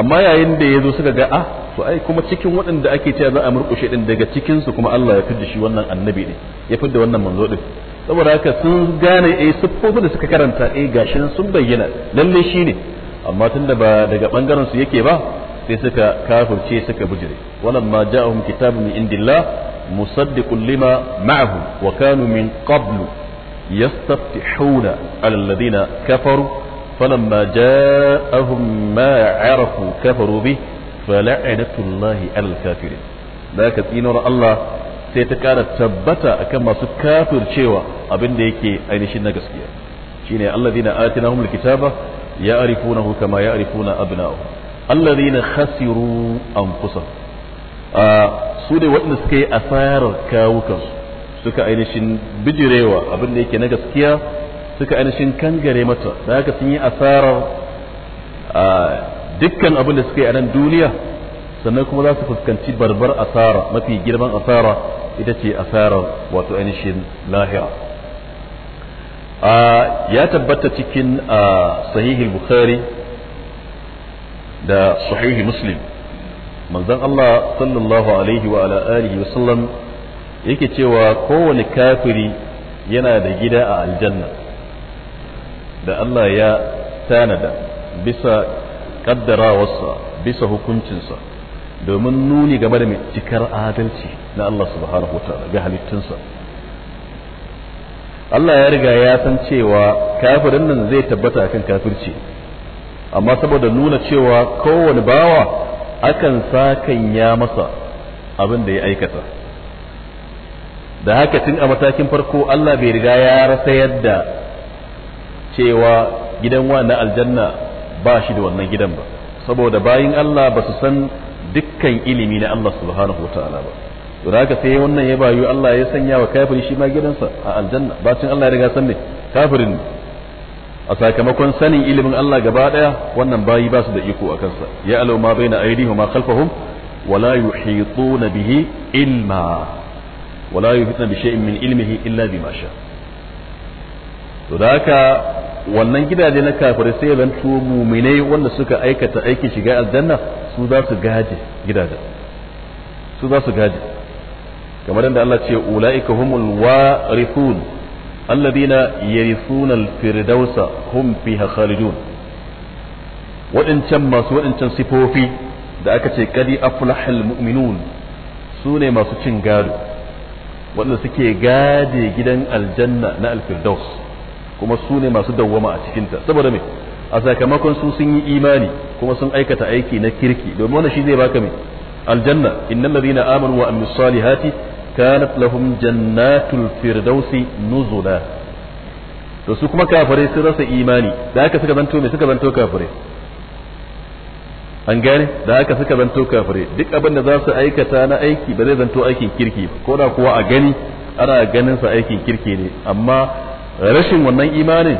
amma yayin da yazo suka ga ah to ai kuma cikin waɗanda ake cewa za a murƙushe din daga cikin kuma Allah ya fidda shi wannan annabi ne ya fidda wannan manzo din saboda haka sun gane eh siffofin da suka karanta eh gashin sun bayyana lalle shi ne amma tunda ba daga bangaren su yake ba sai suka kafirce suka bujire ma ja'ahum kitabun min indillah musaddiqun lima ma'ahum wa kanu min qablu yastaftihuna 'ala alladhina kafaru falamma ja'ahum ma 'arafu kafaru bihi fala'inatullahi alal kafirin da ka tsinar Allah sai ta kara tabbata akan masu kafircewa abin da yake ainihin na gaskiya shine alladhina atinahum alkitaba ya'rifunahu kama ya'rifuna abna'ahum alladhina khasiru anfusahum su ne waɗanda suka yi asarar kawukansu suka ainihin bijirewa abin da yake na gaskiya suka ainihin kangare mata da haka sun yi asarar dukkan abin da suka yi a nan duniya sannan kuma za su fuskanci barbar asara mafi girman asara ita ce asarar wato ainihin lahira ya tabbata cikin sahihi bukhari da sahihi muslim manzon Allah sallallahu alaihi wa alihi wa sallam yake cewa kowane kafiri yana da gida a aljanna da Allah ya tanada bisa kaddarawarsa bisa hukuncinsa domin nuni game da cikar adalci na Allah subhanahu wa ta'ala ga halittunsa Allah ya riga ya san cewa kafirin nan zai tabbata akan kafirci amma saboda nuna cewa kowane bawa akan sakan ya masa abin da ya aikata da haka tun a matakin farko Allah bai riga ya rasa yadda cewa gidan wa na aljanna ba shi da wannan gidan ba saboda bayin Allah ba su san dukkan ilimi na Allah subhanahu wa ta'ala ba to da haka sai wannan ya bayu Allah ya sanya wa kafirin shi ma gidansa a aljanna bacin Allah ya riga san ne kafirin a sakamakon sanin ilimin Allah gaba daya wannan bayi ba su da iko a kansa ya alau ma baina aydihim ma khalfahum wala yuhituna bihi ilma wala yuhituna bi shay'in min ilmihi illa bima sha to da haka wannan gidaje na kafirai sai zanto muminai wanda suka aikata aikin shiga aljanna su za su gaje gidajen su za su gaje kamar da Allah ce ula'ika humul warithun alladina yarithuna alfirdausa hum fiha khalidun waɗancan masu wadancan sifofi da aka ce kadi aflahal mu'minun su ne masu cin gado wanda suke gade gidan aljanna na alfirdaus kuma su ne masu dawwama a cikinta saboda me a sakamakon su sun yi imani kuma sun aikata aiki na kirki domin wannan shi zai baka me aljanna innal ladina amanu wa amilus salihati kanat lahum jannatul firdausi nuzula to su kuma kafirai sun rasa imani da haka suka zanto me suka zanto kafirai an gane da haka suka zanto kafirai duk abin da za su aikata na aiki ba zai zanto aikin kirki ko da kuwa a gani ana ganin sa aikin kirki ne amma rashin wannan imanin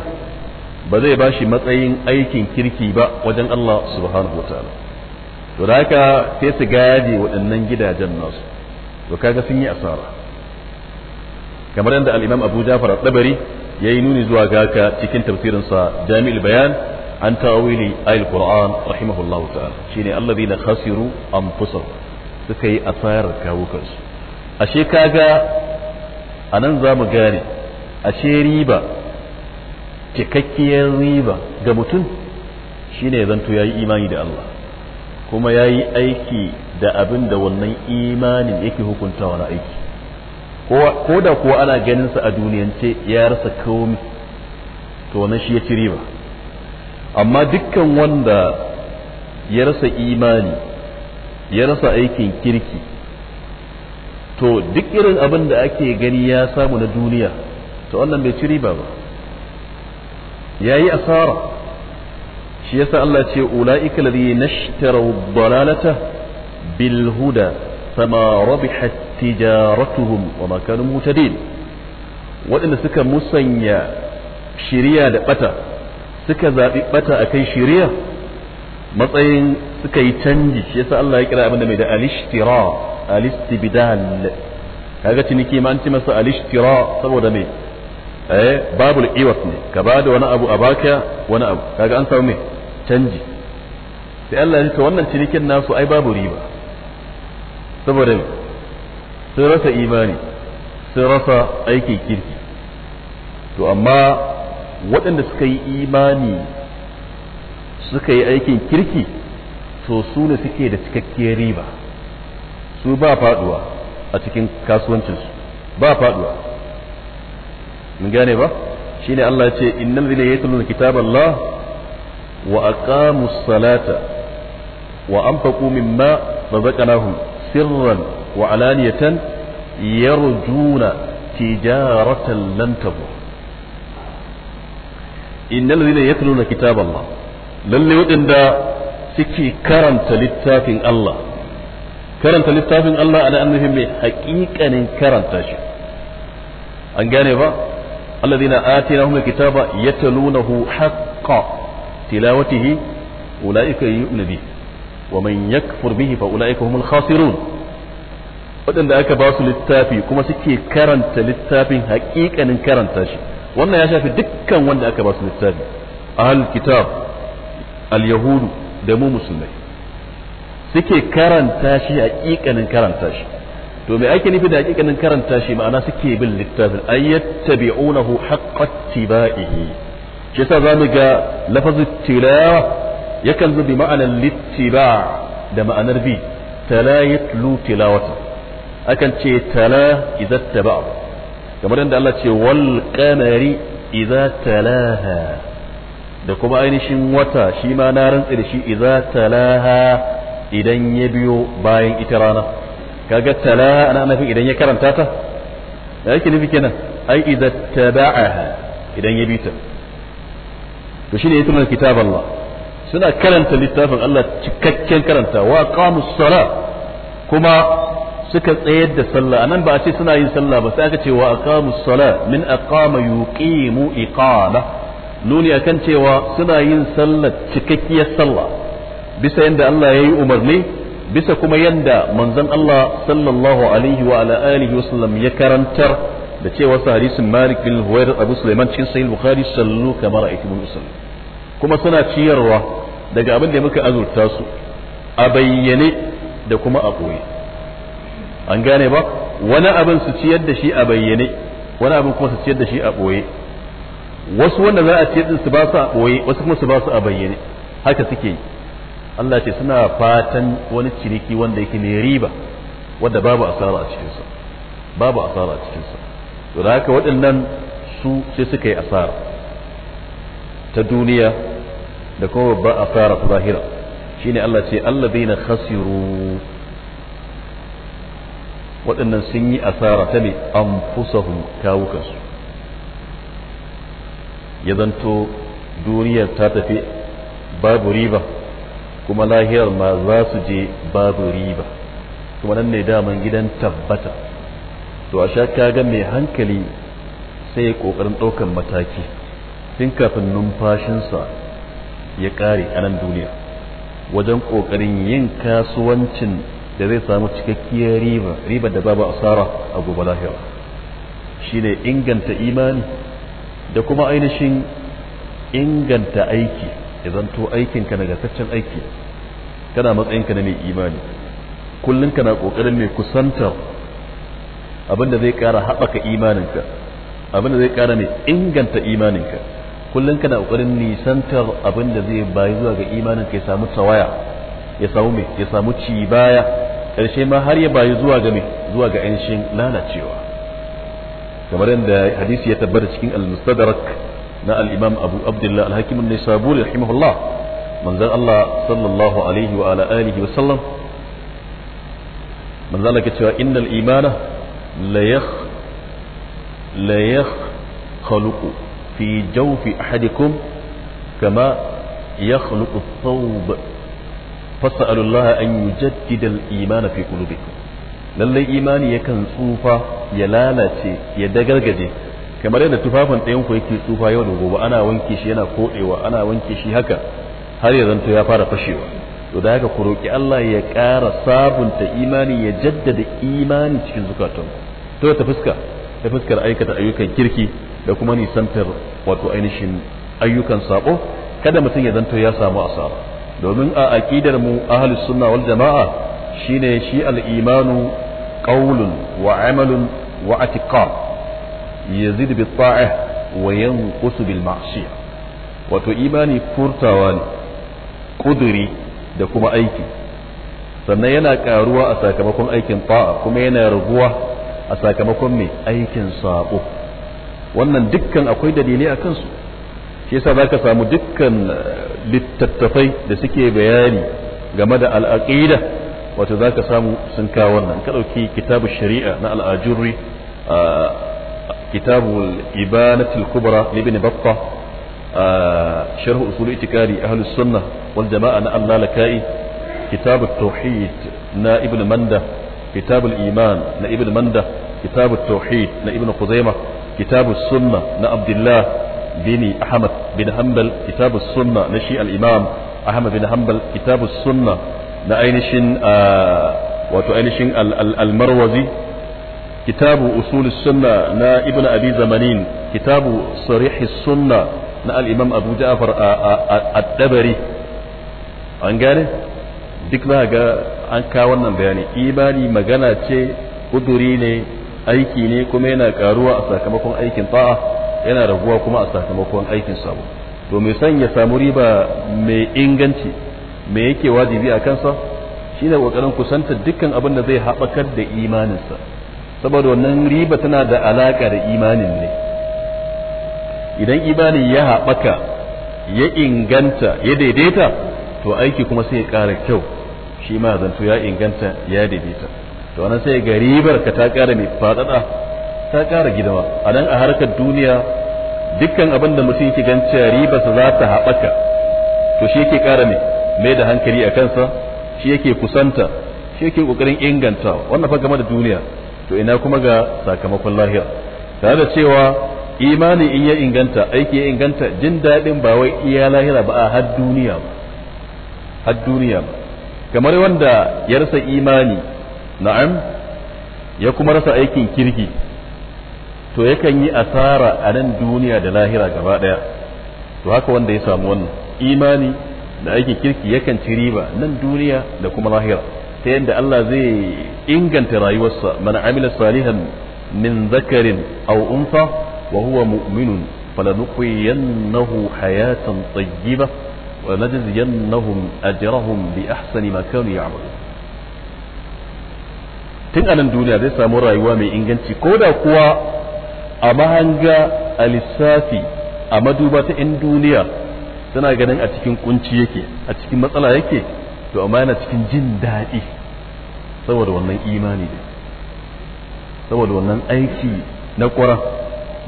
ba zai ba shi matsayin aikin kirki ba wajen Allah subhanahu wataala to da haka sai su gaje waɗannan gidajen nasu to kaga sun yi asara kamar yadda al-Imam Abu Ja'far al-Tabari yayi nuni zuwa gaka cikin tafsirin sa Jami'ul Bayan an tawili ayil Qur'an rahimahullahu ta'ala shine alladhina khasiru anfusahum suka yi asarar kawukansu. ashe kaga anan zamu gane ashe riba cikakkiyar riba ga mutum shine zanto ya yi imani da Allah kuma ya yi aiki da abin da wannan imanin yake hukuntawa na aiki ko da kuwa ana ganinsa a duniyance ya rasa komi to wannan shi ya ci riba amma dukkan wanda ya rasa imani ya rasa aikin kirki to duk irin abin da ake gani ya samu na duniya to wannan bai ci riba ba yayi asara shi yasa Allah ce ulaika alladhina ishtaraw dalalata bil huda fama rabihat tijaratuhum wama kanu mutadin wadanda suka musanya shiriya da bata suka zabi bata akan shiriya matsayin suka yi canji shi yasa Allah ya kira abin da mai da alishtira alistibdal kaga ciniki ma an ci masa alishtira saboda mai eh babul iwas ne ka ba da wani abu a baka wani abu kaga an samu me canji sai Allah ya ce wannan cinikin nasu ai babu riba saboda sun rasa imani sun rasa aikin kirki to amma waɗanda suka yi imani suka yi aikin kirki to su ne suke da cikakkiyar riba su ba faduwa a cikin kasuwancinsu ba faduwa mun gane ba shine Allah ya ce innal ladina yatluna kitaballah wa aqamus salata wa anfaqu mimma razaqnahum sirran wa alaniyatan yarjuna tijaratan lan tabur innal ladina yatluna kitaballah lalle wadanda suke karanta littafin Allah karanta littafin Allah ana annabi mai haƙiƙanin karanta shi an gane ba الذين آتيناهم الكتاب يتلونه حق تلاوته أولئك يؤمن به ومن يكفر به فأولئك هم الخاسرون waɗanda aka basu littafi kuma suke karanta littafin haƙiƙanin karanta shi wannan ya shafi dukkan wanda aka basu littafi ahal kitab al-yahudu da mu musulmai suke karanta shi haƙiƙanin karanta shi to me ake nufi da hakikanin karanta shi ma'ana suke bin littafin ay yattabi'unahu haqqa ittiba'ihi shi yasa zamu ga lafazu tilawa yakan zo bi ma'anar littiba da ma'anar bi tala yatlu tilawata akan ce tala idza taba kamar yadda Allah ce wal qamari idza talaha da kuma ainihin wata shi ma na rantsi da shi idza talaha idan ya biyo bayan ita rana kaga tala ana nufin idan ya karanta ta da yake nufi kenan ai idza taba'aha idan ya bita to shine yatumul kitab Allah suna karanta littafin Allah cikakken karanta wa qamus sala kuma suka tsayar da sallah anan ba a ce suna yin sallah ba sai aka ce wa aqamus sala min aqama yuqimu iqama nuni akan cewa suna yin sallah cikakkiyar sallah bisa yadda Allah ya yi umarni bisa kuma yadda manzon Allah sallallahu alaihi wa ala alihi wa sallam ya karantar da cewa hadisin Malik bin Huwair Abu Sulaiman cikin sahih Bukhari sallu kamar aikum usalli kuma suna ciyarwa daga abin da muka azurta su a bayyane da kuma a koyi an gane ba wani abin su ciyar da shi a bayyane wani abin kuma su ciyar da shi a boye wasu wanda za a ciyar su ba su a boye wasu kuma su ba su a bayyane haka suke yi Allah ce suna fatan wani ciniki wanda yake mai riba wadda babu asara a cikinsa babu asara a cikinsa to da haka waɗannan su sai suka yi asara ta duniya da kuma babban asara ta zahira shine Allah ce na khasiru waɗannan sun yi asara ta ne anfusahum kawukansu ya zanto duniyar ta tafi babu riba kuma lahiyar ma za su je babu riba kuma nan ne daman gidan tabbata to a sha kaga mai hankali sai ya kokarin ɗaukan mataki tun kafin numfashinsa ya ƙare a nan duniya wajen ƙoƙarin yin kasuwancin da zai samu cikakkiyar riba riba da babu asara a gobe lahira shine inganta imani da kuma ainihin inganta aiki ya zanto aikinka nagartaccen aiki kana matsayinka na mai imani kullum kana kokarin mai kusantar abinda zai kara haɓaka imaninka abinda zai kara mai inganta imaninka kullum kana kokarin nisantar abinda zai bayi zuwa ga imaninka ya samu tawaya ya samu mai ya samu ci baya karshe ma har ya bayi zuwa ga mai zuwa ga ainihin lalacewa kamar yadda hadisi ya tabbata cikin al-mustadrak na al-imam abu abdullah al-hakim an-nisaburi rahimahullah manzon Allah sallallahu alaihi wa ala alihi wa sallam manzon Allah ke cewa innal imana la yakh la yakhluqu fi jawfi ahadikum kama yakhluqu thawb fas'alu Allah an yujaddida al-imana fi qulubikum lallai imani yakan tsufa ya lalace ya dagargaje kamar yadda tufafin ɗayan ku yake tsufa yau da gobe ana wanke shi yana koɗewa ana wanke shi haka har ya zanto ya fara fashewa to da haka ku roƙi Allah ya ƙara sabunta imani ya jaddada imani cikin zukatanku to ta fuska ta fuskar aikata ayyukan kirki da kuma nisantar wato ainihin ayyukan sako kada mutum ya zanto ya samu asara domin a aqidar mu ahli sunna wal jama'a shine shi al-imanu qawlun wa amalun wa yazid bi ta'ah wa yanqus bil ma'siyah wato imani furtawa ne kuduri da kuma aiki sannan yana karuwa a sakamakon aikin ta'a kuma yana raguwa a sakamakon mai aikin saƙo. wannan dukkan akwai dalilai a kansu shi yasa zaka samu dukkan eh, littattafai da suke bayani game da al'aqida wato zaka samu sun kawo wannan ka dauki kitabu shari'a na al'ajurri ah, كتاب الإبانة الكبرى لابن بطة آه، شرح أصول اعتقاد أهل السنة والجماعة أنا نعم لكائي كتاب التوحيد نا ابن مندة كتاب الإيمان نا ابن مندة كتاب التوحيد نا ابن كتاب السنة نا عبد الله بن أحمد بن حنبل كتاب السنة نشيء الإمام أحمد بن حنبل كتاب السنة نا أينشن آه وتؤينشن المروزي kitabu usul sunna na ibn abi zamanin kitabu sarih sunna na al-imam abu ja'far a dabari an gane duk za ga an kawo wannan bayani imani magana ce kuduri aiki ne kuma yana karuwa a sakamakon aikin ta'a yana raguwa kuma a sakamakon aikin sabo to mai son ya samu riba mai inganci me yake wajibi a kansa shine kokarin kusanta dukkan abin da zai haɓakar da imaninsa saboda wannan riba tana da alaƙa da imanin ne idan imanin ya haɓaka ya inganta ya daidaita to aiki kuma sai ya ƙara kyau shi ma zanto ya inganta ya daidaita to wannan sai ga ribar ka ta ƙara mai faɗaɗa ta ƙara gidawa a nan a harkar duniya dukkan abin da mutum yake gan cewa ribarsa za ta haɓaka to shi yake ƙara mai mai da hankali a kansa shi yake kusanta shi yake ƙoƙarin inganta wannan fa game da duniya to ina kuma ga sakamakon lahira tare da cewa imani in ya inganta aiki ya inganta jin daɗin ba wai iya lahira ba a har duniya ba har duniya ba kamar wanda ya rasa imani na'am ya kuma rasa aikin kirki to yakan yi asara a nan duniya da lahira gaba ɗaya to haka wanda ya samu wannan imani da aikin kirki yakan ci riba nan duniya da kuma lahira ta yadda Allah zai inganta rayuwarsa man amila salihan min zakarin aw unsa wa huwa mu'minun falanuqiyannahu hayatan tayyiba wa najziyannahum ajrahum bi ahsani ma kanu ya'malun tun a nan duniya zai samu rayuwa mai inganci ko da kuwa a mahanga a lissafi a maduba ta 'yan duniya suna ganin a cikin kunci yake a cikin matsala yake to yana cikin jin daɗi saboda wannan imani da saboda wannan aiki na ƙura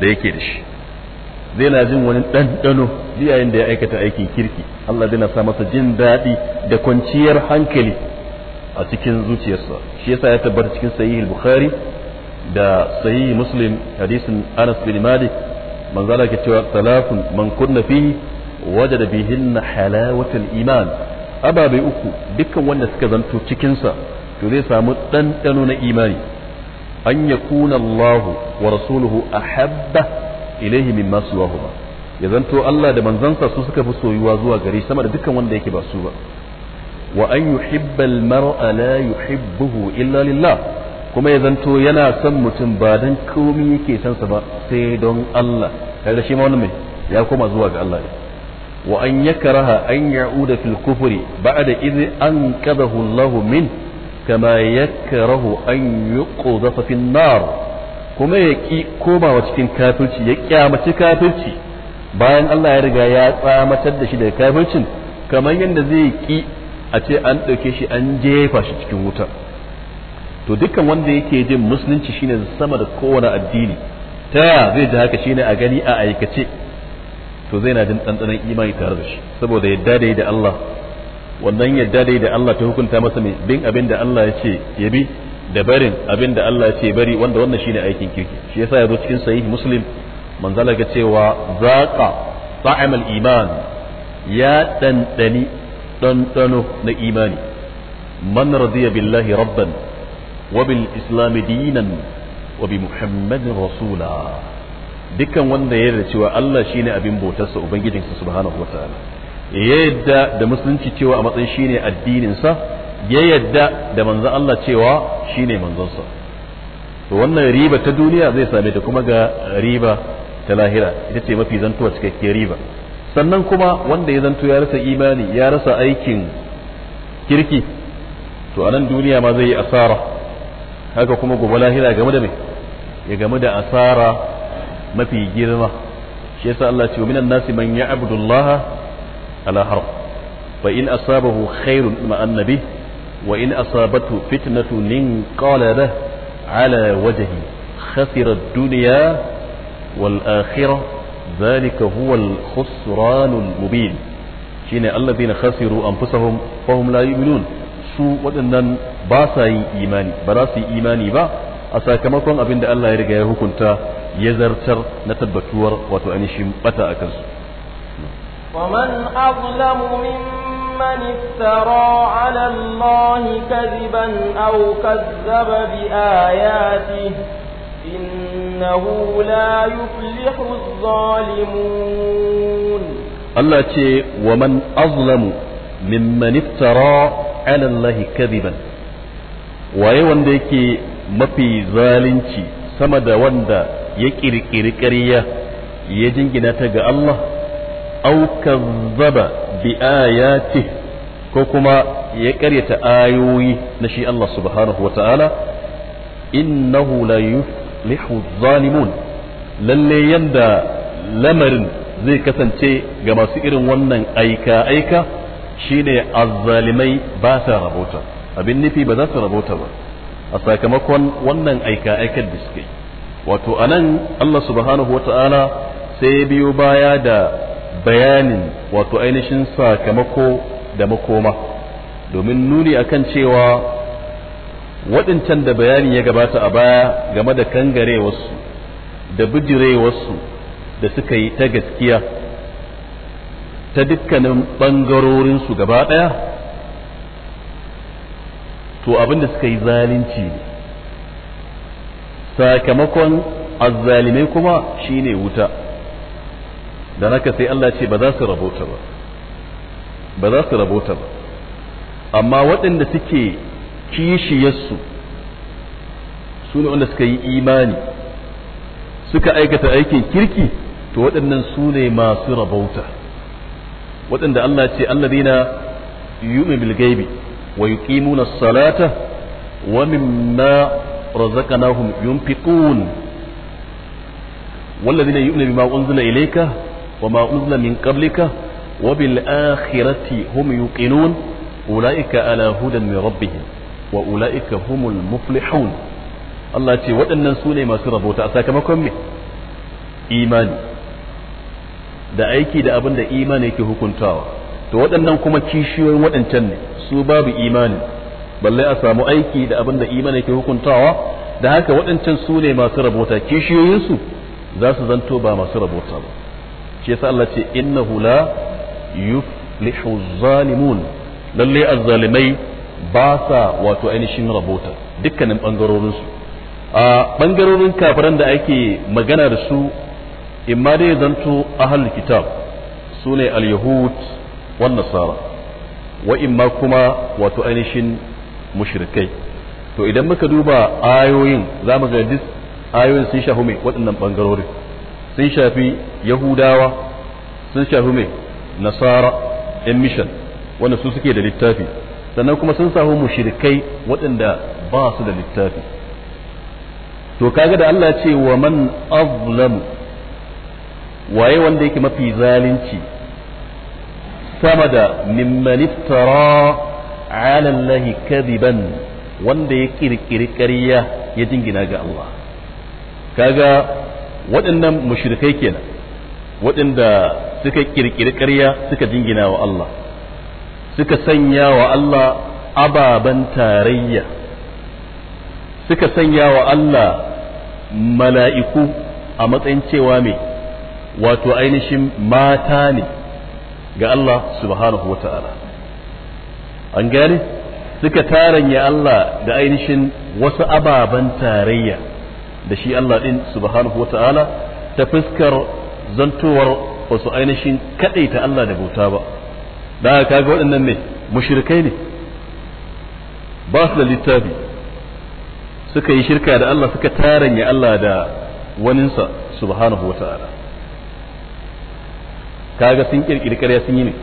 da yake da shi zai na jin wani ɗanɗano yayin da ya aikata aikin kirki Allah zai na sa masa jin daɗi da kwanciyar hankali a cikin zuciyarsa shi yasa ya tabbata cikin sahihul bukhari da sahihi muslim hadisin anas bin malik manzo Allah ke cewa salafun man kunna fihi wajada bihinna halawatul iman ababe uku dukkan wanda suka zanto cikinsa to zai samu ɗanɗano na imani an ya kuna wa rasuluhu a habba ilaihi min masu ba ya zanto Allah da manzansa su suka fi soyuwa zuwa gari sama da dukkan wanda yake ba su ba wa an yuhibba al-mar'a la yuhibbuhu illa lillah kuma ya zanto yana son mutum ba dan komai yake son sa ba sai don Allah kaga shi ma wannan mai ya koma zuwa ga Allah ne an يكره أن يعود في الكفر an إذ أنقذه min kama كما يكره أن يقذف في النار kuma ya ƙi komawa cikin kafirci ya ƙyamaci kafirci bayan Allah ya riga ya tsamatar da shi daga kafircin kamar yadda zai ƙi a ce an ɗauke shi an jefa shi cikin wuta to dukkan wanda yake jin musulunci shine sama da kowane addini ta zai ji haka shine a gani a aikace to zai na jin ɗanɗanon imani tare da shi saboda yadda da da Allah wannan yadda da da Allah ta hukunta masa mai bin abin da Allah ya ce ya bi da barin abin da Allah ya ce bari wanda wannan shine aikin kirki shi yasa ya zo cikin sahih muslim manzala ga cewa zaqa ta'amal iman ya dandani ɗanɗano na imani man radiya billahi rabban wa bil islam dinan wa bi muhammadin rasula dukkan wanda ya yarda cewa Allah shine abin bautarsa ubangijinsa subhanahu wataala ya yadda da musulunci cewa a matsayin shine addinin sa ya yadda da manzon Allah cewa shine manzon sa to wannan riba ta duniya zai same ta kuma ga riba ta lahira ita ce mafi zantowa cikakkiyar riba sannan kuma wanda ya zanto ya rasa imani ya rasa aikin kirki to anan duniya ma zai yi asara haka kuma gobe lahira game da me ya game da asara mafi girma shi yasa Allah ce minan nasi man ya'budu Allah ala harf fa in asabahu khairun ma annabi wa in asabatu fitnatun nin qala lah ala wajhi khasira duniya wal akhirah dhalika huwal al-khusran al-mubin shine alladhina khasiru anfusahum fahum la yu'minun su waɗannan ba sa yin imani ba za yi imani ba a sakamakon abin da Allah ya riga ya hukunta ya zartar na tabbatuwar wato ainihin bata a kansu ومن أظلم ممن افترى على الله كذبا أو كذب بآياته إنه لا يفلح الظالمون الله تي ومن أظلم ممن افترى على الله كذبا waye wanda yake mafi zalunci sama da wanda ya ƙirƙiri ƙarya ya jingina ta ga Allah au zaba bi ayati ko kuma ya ƙaryata ayoyi na shi Allah subhanahu wa ta'ala innahu la yuflihu zalimun lalle yanda lamarin zai kasance ga masu irin wannan aika aika shine azzalimai ba sa rabota abin nufi ba za su rabota ba a sakamakon wannan aika aikar da suke wato anan Allah subhanahu wata'ala sai ya biyo baya da bayanin wato ainihin sakamako da makoma domin nuni akan cewa waɗancan da bayani ya gabata a baya game da kangarewarsu da bijirewarsu da suka yi ta gaskiya ta dukkanin ɓangarorinsu gaba ɗaya to abinda suka yi zalunci ne sakamakon azzalimai kuma shine wuta da haka sai Allah ce ba za su rabota ba ba za su rabota ba amma waɗanda suke kishiyarsu su ne wanda suka yi imani suka aikata aikin kirki to waɗannan su ne masu rabauta waɗanda Allah ce alladina yu'minu bil gaibi wa yuqimuna as-salata wa mimma رزقناهم ينفقون والذين يؤمنون بما أنزل إليك وما أنزل من قبلك وبالآخرة هم يوقنون أولئك على هدى من ربهم وأولئك هم المفلحون Allah ce waɗannan su masu rabota a sakamakon me imani da aiki da abin da imani yake hukuntawa to waɗannan kuma kishiyoyin waɗancan ne su babu imani balle a samu aiki da abin da imani ke hukuntawa da haka waɗancan su ne masu rabota kishiyoyinsu za su zanto ba masu rabota ba shi yasa Allah ce innahu hula yuflihu zalimun lalle azzalimai ba sa wato ainihin rabota dukkanin bangarorinsu a bangarorin kafiran da ake magana da su imma dai zanto ahal kitab su ne al-yahud wa nasara wa imma kuma wato ainihin mushrikai to idan muka duba ayoyin za mu ga duk ayoyin sun shafi mai waɗannan ɓangarorin sun shafi yahudawa sun shafi mai nasara yan mishan wanda su suke da littafi sannan kuma sun sahu mushrikai waɗanda ba su da littafi to kaga da Allah ce wa man azlamu waye wanda yake mafi zalunci sama da mimman iftara ala kadiban wanda ya kirkiri ƙarya ya jingina ga Allah kaga waɗannan mushrikai kenan waɗanda suka kirkiri ƙarya suka jingina wa Allah suka sanya wa Allah ababen tarayya suka sanya wa Allah mala'iku a matsayin cewa mai wato ainihin mata ne ga Allah subhanahu wa ta'ala an gane suka taranya Allah da ainihin wasu ababen tarayya da shi Allah din subhanahu ta'ala ta fuskar zantowar wasu ainihin ta Allah da bauta ba da kaga waɗannan ne mushrikai ne ba su da littafi suka yi shirka da Allah suka taranya Allah da waninsa subhanahu wa ta'ala kaga sun kirkiri ƙarya sun yi ne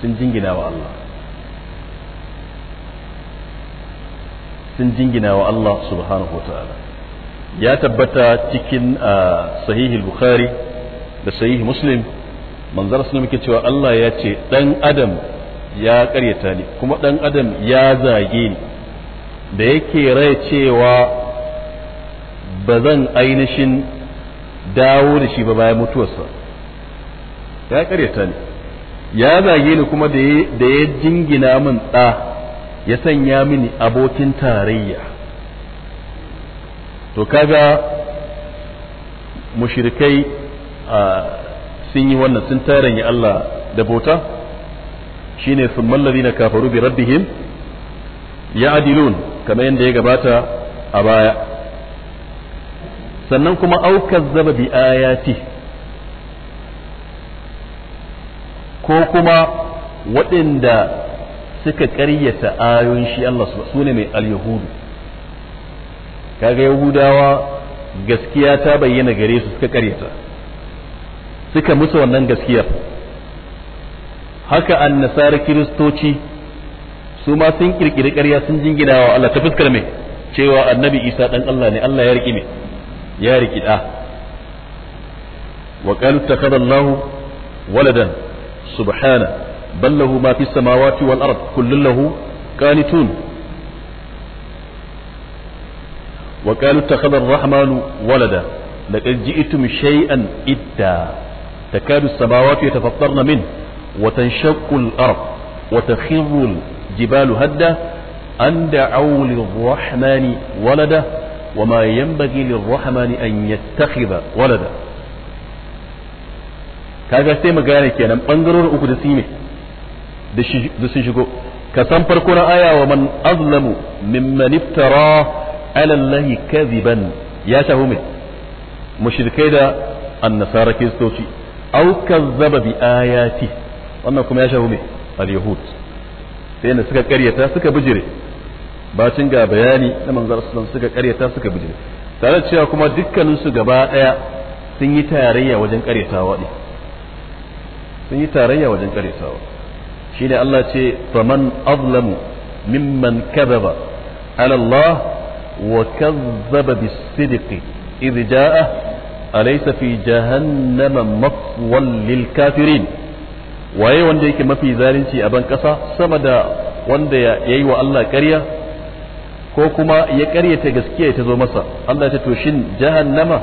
sun jingina wa Allah sun jingina wa Allah subhanahu wa ta'ala ya tabbata cikin sahihi bukhari da sahihi muslim manzar suna muke cewa Allah ya ce ɗan adam ya karyata ni kuma ɗan adam ya zage ni da yake rai cewa ba zan ainihin dawo da shi ba bayan mutuwarsa ya karyata ni ya zage ni kuma da ya jingina min ɗa ya sanya mini abokin tarayya to kaga mushrikai sun yi wannan sun tarayya Allah da bauta shine summal ladina kafaru bi rabbihim ya'dilun kamar yadda ya gabata a baya sannan kuma aukaz zaba bi ayati ko kuma waɗanda suka ƙaryata ayoyin shi Allah su ne mai al-yahudu kaga yahudawa gaskiya ta bayyana gare su suka ƙaryata suka musu wannan gaskiyar haka annasara kiristoci su ma sun kirkiri ƙarya sun jingina wa Allah ta fuskar mai cewa annabi isa dan Allah ne Allah ya riki mai ya riki ɗa wa qalu takhadallahu waladan subhana بل له ما في السماوات والأرض كل له قانتون وقالوا اتخذ الرحمن ولدا لقد جئتم شيئا إدا تكاد السماوات يتفطرن منه وتنشق الأرض وتخر الجبال هدا أن دعوا للرحمن ولدا وما ينبغي للرحمن أن يتخذ ولدا kaga سيما قالك gane kenan bangarorin da sun shigo ka san farko na aya wa man azlamu mimman iftara ala allahi kadhiban ya shahu mai mushrikai da annasara kristoci au kazzaba bi ayati wannan kuma ya shahu mai al yahud sai ne suka karyata suka bijire bacin ga bayani na manzar sallallahu suka karyata suka bijire tare da cewa kuma dukkanin su gaba daya sun yi tarayya wajen karyatawa ne sun yi tarayya wajen karyatawa shine Allah ce faman azlamu mimman kadaba ala Allah wa kazzaba bis-sidqi idh ja'ah alaysa fi jahannama maswan lil kafirin waye wanda yake mafi zalunci a ban kasa sama da wanda yayi wa Allah ƙarya ko kuma ya ƙaryata gaskiya ta zo masa Allah ya ce to shin jahannama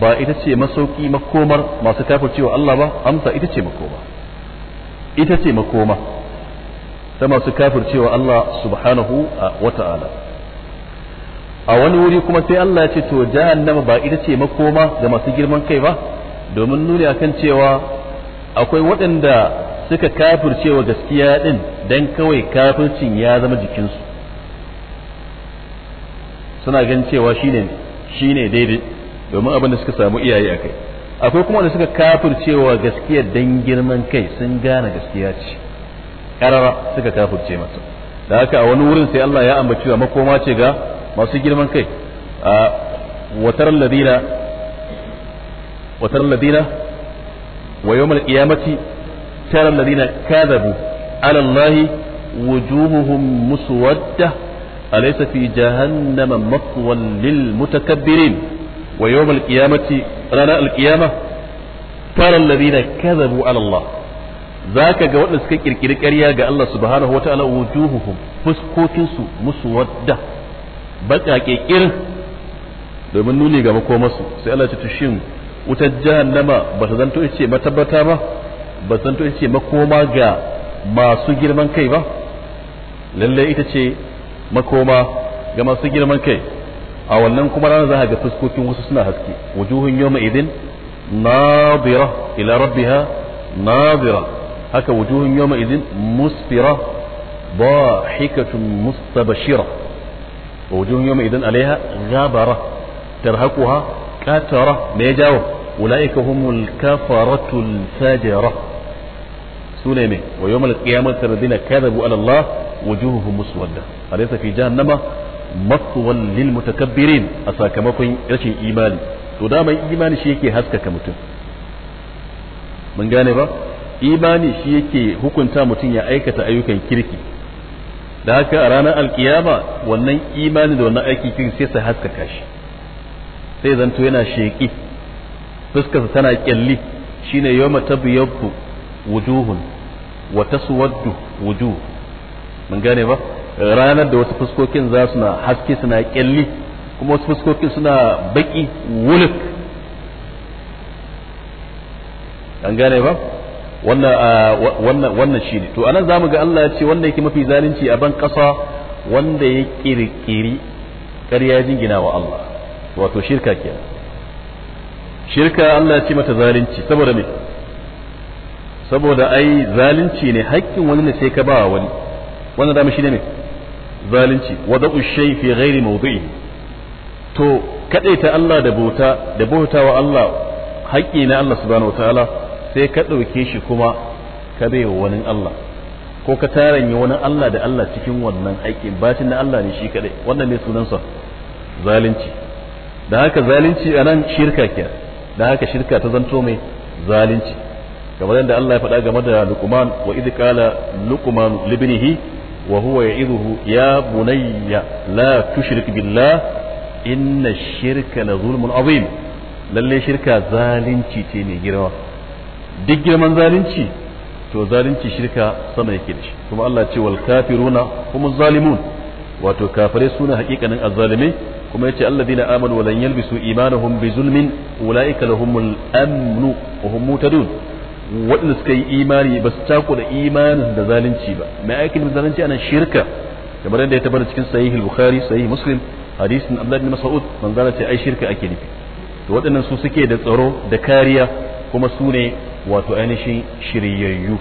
ba ita ce masauki makomar masu kafircewa Allah ba amsa ita ce makoma ita ce makoma ta masu kafircewa Allah subhanahu wa ta'ala a wani wuri kuma sai Allah ya ce to jahannama ba ita ce makoma ga masu girman kai ba domin nuni kan cewa akwai waɗanda suka kafircewa gaskiya ɗin dan kawai kafircin ya zama jikinsu suna gan cewa shine ne daidai domin abin da suka samu iyaye a kai. akwai kuma da suka kafircewa gaskiyar dan girman kai sun gane gaskiya ce karara suka kafirce mata da haka a wani wurin sai Allah ya ambaci wa makoma ce ga masu girman kai a watar ladina watar ladina wa yawmal qiyamati tara alladhina kadhabu ala allahi wujuhuhum muswadda alaysa fi jahannama matwan lil mutakabbirin wa yawmal qiyamati ranar alqiyama tara alladhina kadhabu ala Allah zaka ga waɗanda suka kirkiri karya ga Allah subhanahu wataala wujuhuhum fuskokin su muswadda domin nuni ga makomarsu sai Allah ya ce shin wutar jahannama ba ta zanto ce matabbata ba ba ta zanto ce makoma ga masu girman kai ba lallai ita ce makoma ga masu girman kai a wannan kuma ranar za ga fuskokin wasu suna haske wujuhun yawma idin nadira ila rabbiha nadira haka wujuhun yawma idin musfira ضاحكة مستبشرة ووجوه يومئذ عليها غابرة ترهقها كاترة ما يجاو أولئك هم الكفرة الفاجرة سنمي ويوم القيامة الذين كذبوا على الله وجوههم مسودة أليس في جهنم maswan lil mutakabbirin a sakamakon rashin imani to daman imani shi yake haskaka mutum mun gane ba imani shi yake hukunta mutum ya aikata ayyukan kirki da haka a ranar alkiyama wannan imani da wannan aiki kirki sai su haskaka shi sai zanto yana sheƙi fuskarsa tana kyalli shine yawma tabyaddu wujuhun wa taswaddu wujuh mun gane ba ranar da wasu fuskokin za su na haske suna kyalli kuma wasu fuskokin suna baki wuluk an gane ba wannan shi ne to anan za mu ga Allah ya ce wanda yake mafi zalunci a ban ƙasa wanda ya ƙirƙiri ƙarya jingina wa Allah wato shirka kenan shirka Allah ya ce mata zalunci saboda me saboda ai zalunci ne haƙƙin wani ne sai ka ba wani wannan mu shi ne ne zalunci wada'u shay fi ghairi mawdi'i to ta Allah da bauta da bautawa Allah haƙƙi na Allah subhanahu wataala sai ka ɗauke shi kuma ka bai wa wani Allah ko ka taranya wani Allah da Allah cikin wannan aikin bacin na Allah ne shi kadai wannan ne sunansa zalunci da haka zalunci a nan shirka ke da haka shirka ta zanto mai zalunci kamar yadda Allah ya faɗa game da Luqman wa idh qala Luqman libnihi wa huwa ya bunayya la tushrik billah inna shirka la zulmun azim lalle shirka zalunci ce mai girma duk girman zalunci to zalunci shirka sama yake da shi kuma Allah ce wal kafiruna hum zalimun wato kafare suna hakikanin azzalimai kuma yace alladina amanu wa lan yalbisu imanahum bi zulmin ulaika lahumul amnu wa hum mutadun waɗanda suka yi imani ba su tako da imanin da zalunci ba mai aikin da zalunci ana shirka kamar yadda ya tabbata cikin sahih al-bukhari sahih muslim hadisin abdullahi bin mas'ud manzala ce ai shirka ake nufi to waɗannan su suke da tsaro da kariya kuma su ne wato ainihin shiryayyu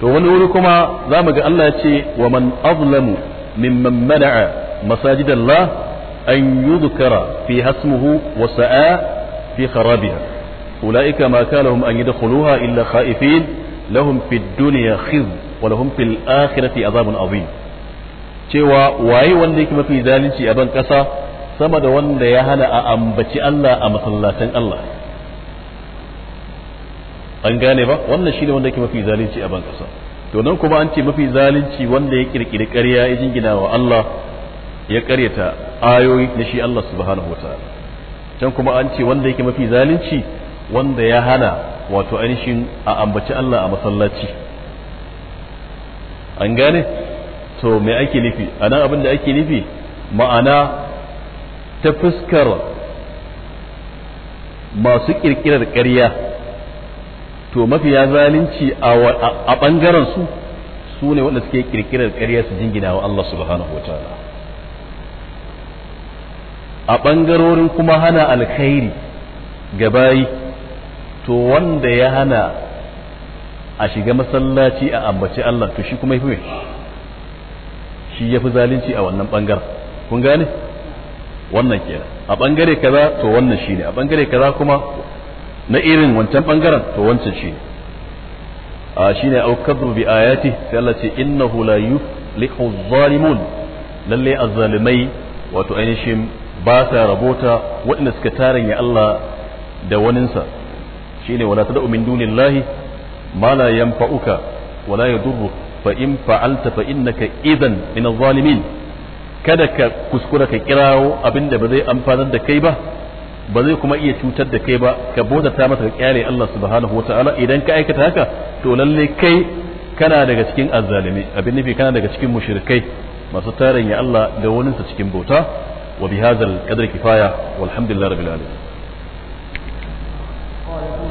to wani wuri kuma za mu ga Allah ce wa man azlamu mimman mana'a masajidallah an yudhkara fi hasmuhu wa sa'a fi kharabiha ulaika ma kana lahum an yadkhuluha illa khaifin lahum fid dunya khiz wa lahum fil akhirati azabun azim cewa waye wanda yake mafi zalunci a ban kasa sama da wanda ya hana a ambaci Allah a masallatan Allah an gane ba wannan shine wanda yake mafi zalunci a ban kasa to nan kuma an ce mafi zalunci wanda ya kirkiri ƙarya ya jingina wa Allah ya ƙaryata ayoyi na shi Allah subhanahu wataala can kuma an ce wanda yake mafi zalunci wanda ya hana wato ainihin a ambaci Allah a masallaci an gane to me ake nufi a nan abin da ake nufi ma'ana ta fuskar masu ƙirƙirar ƙarya to mafiya zalunci a ɓangaren su su ne wanda suke ƙirƙirar ƙarya su jingina wa Allah subhanahu a ɓangarorin kuma hana alkhairi ga bayi to wanda ya hana a shiga masallaci a ambaci Allah to shi kuma yafi shi ya fi zalunci a wannan bangar kun gane wannan kenan a bangare kaza to wannan shi ne. a bangare kaza kuma na irin wancan bangaren to wancan shi ne. a shi ne kadru bi ayati sai Allah ce innahu la yuflihu zalimun lalle azzalimai wato ainihin ba sa rabota waɗanda suka taranya Allah da waninsa shine wala tad'u min dunillahi ma la yanfa'uka wa la yadurruka fa in fa'alta fa innaka idan min adh-dhalimin kada ka kuskura ka kirawo abinda ba zai amfanar da kai ba ba zai kuma iya cutar da kai ba ka bodata masa kyale Allah subhanahu wataala idan ka aikata haka to lalle kai kana daga cikin azzalimi abin nufi kana daga cikin mushrikai masu tarin ya Allah da waninsa cikin bauta wa bihadzal qadri kifaya walhamdulillahi rabbil alamin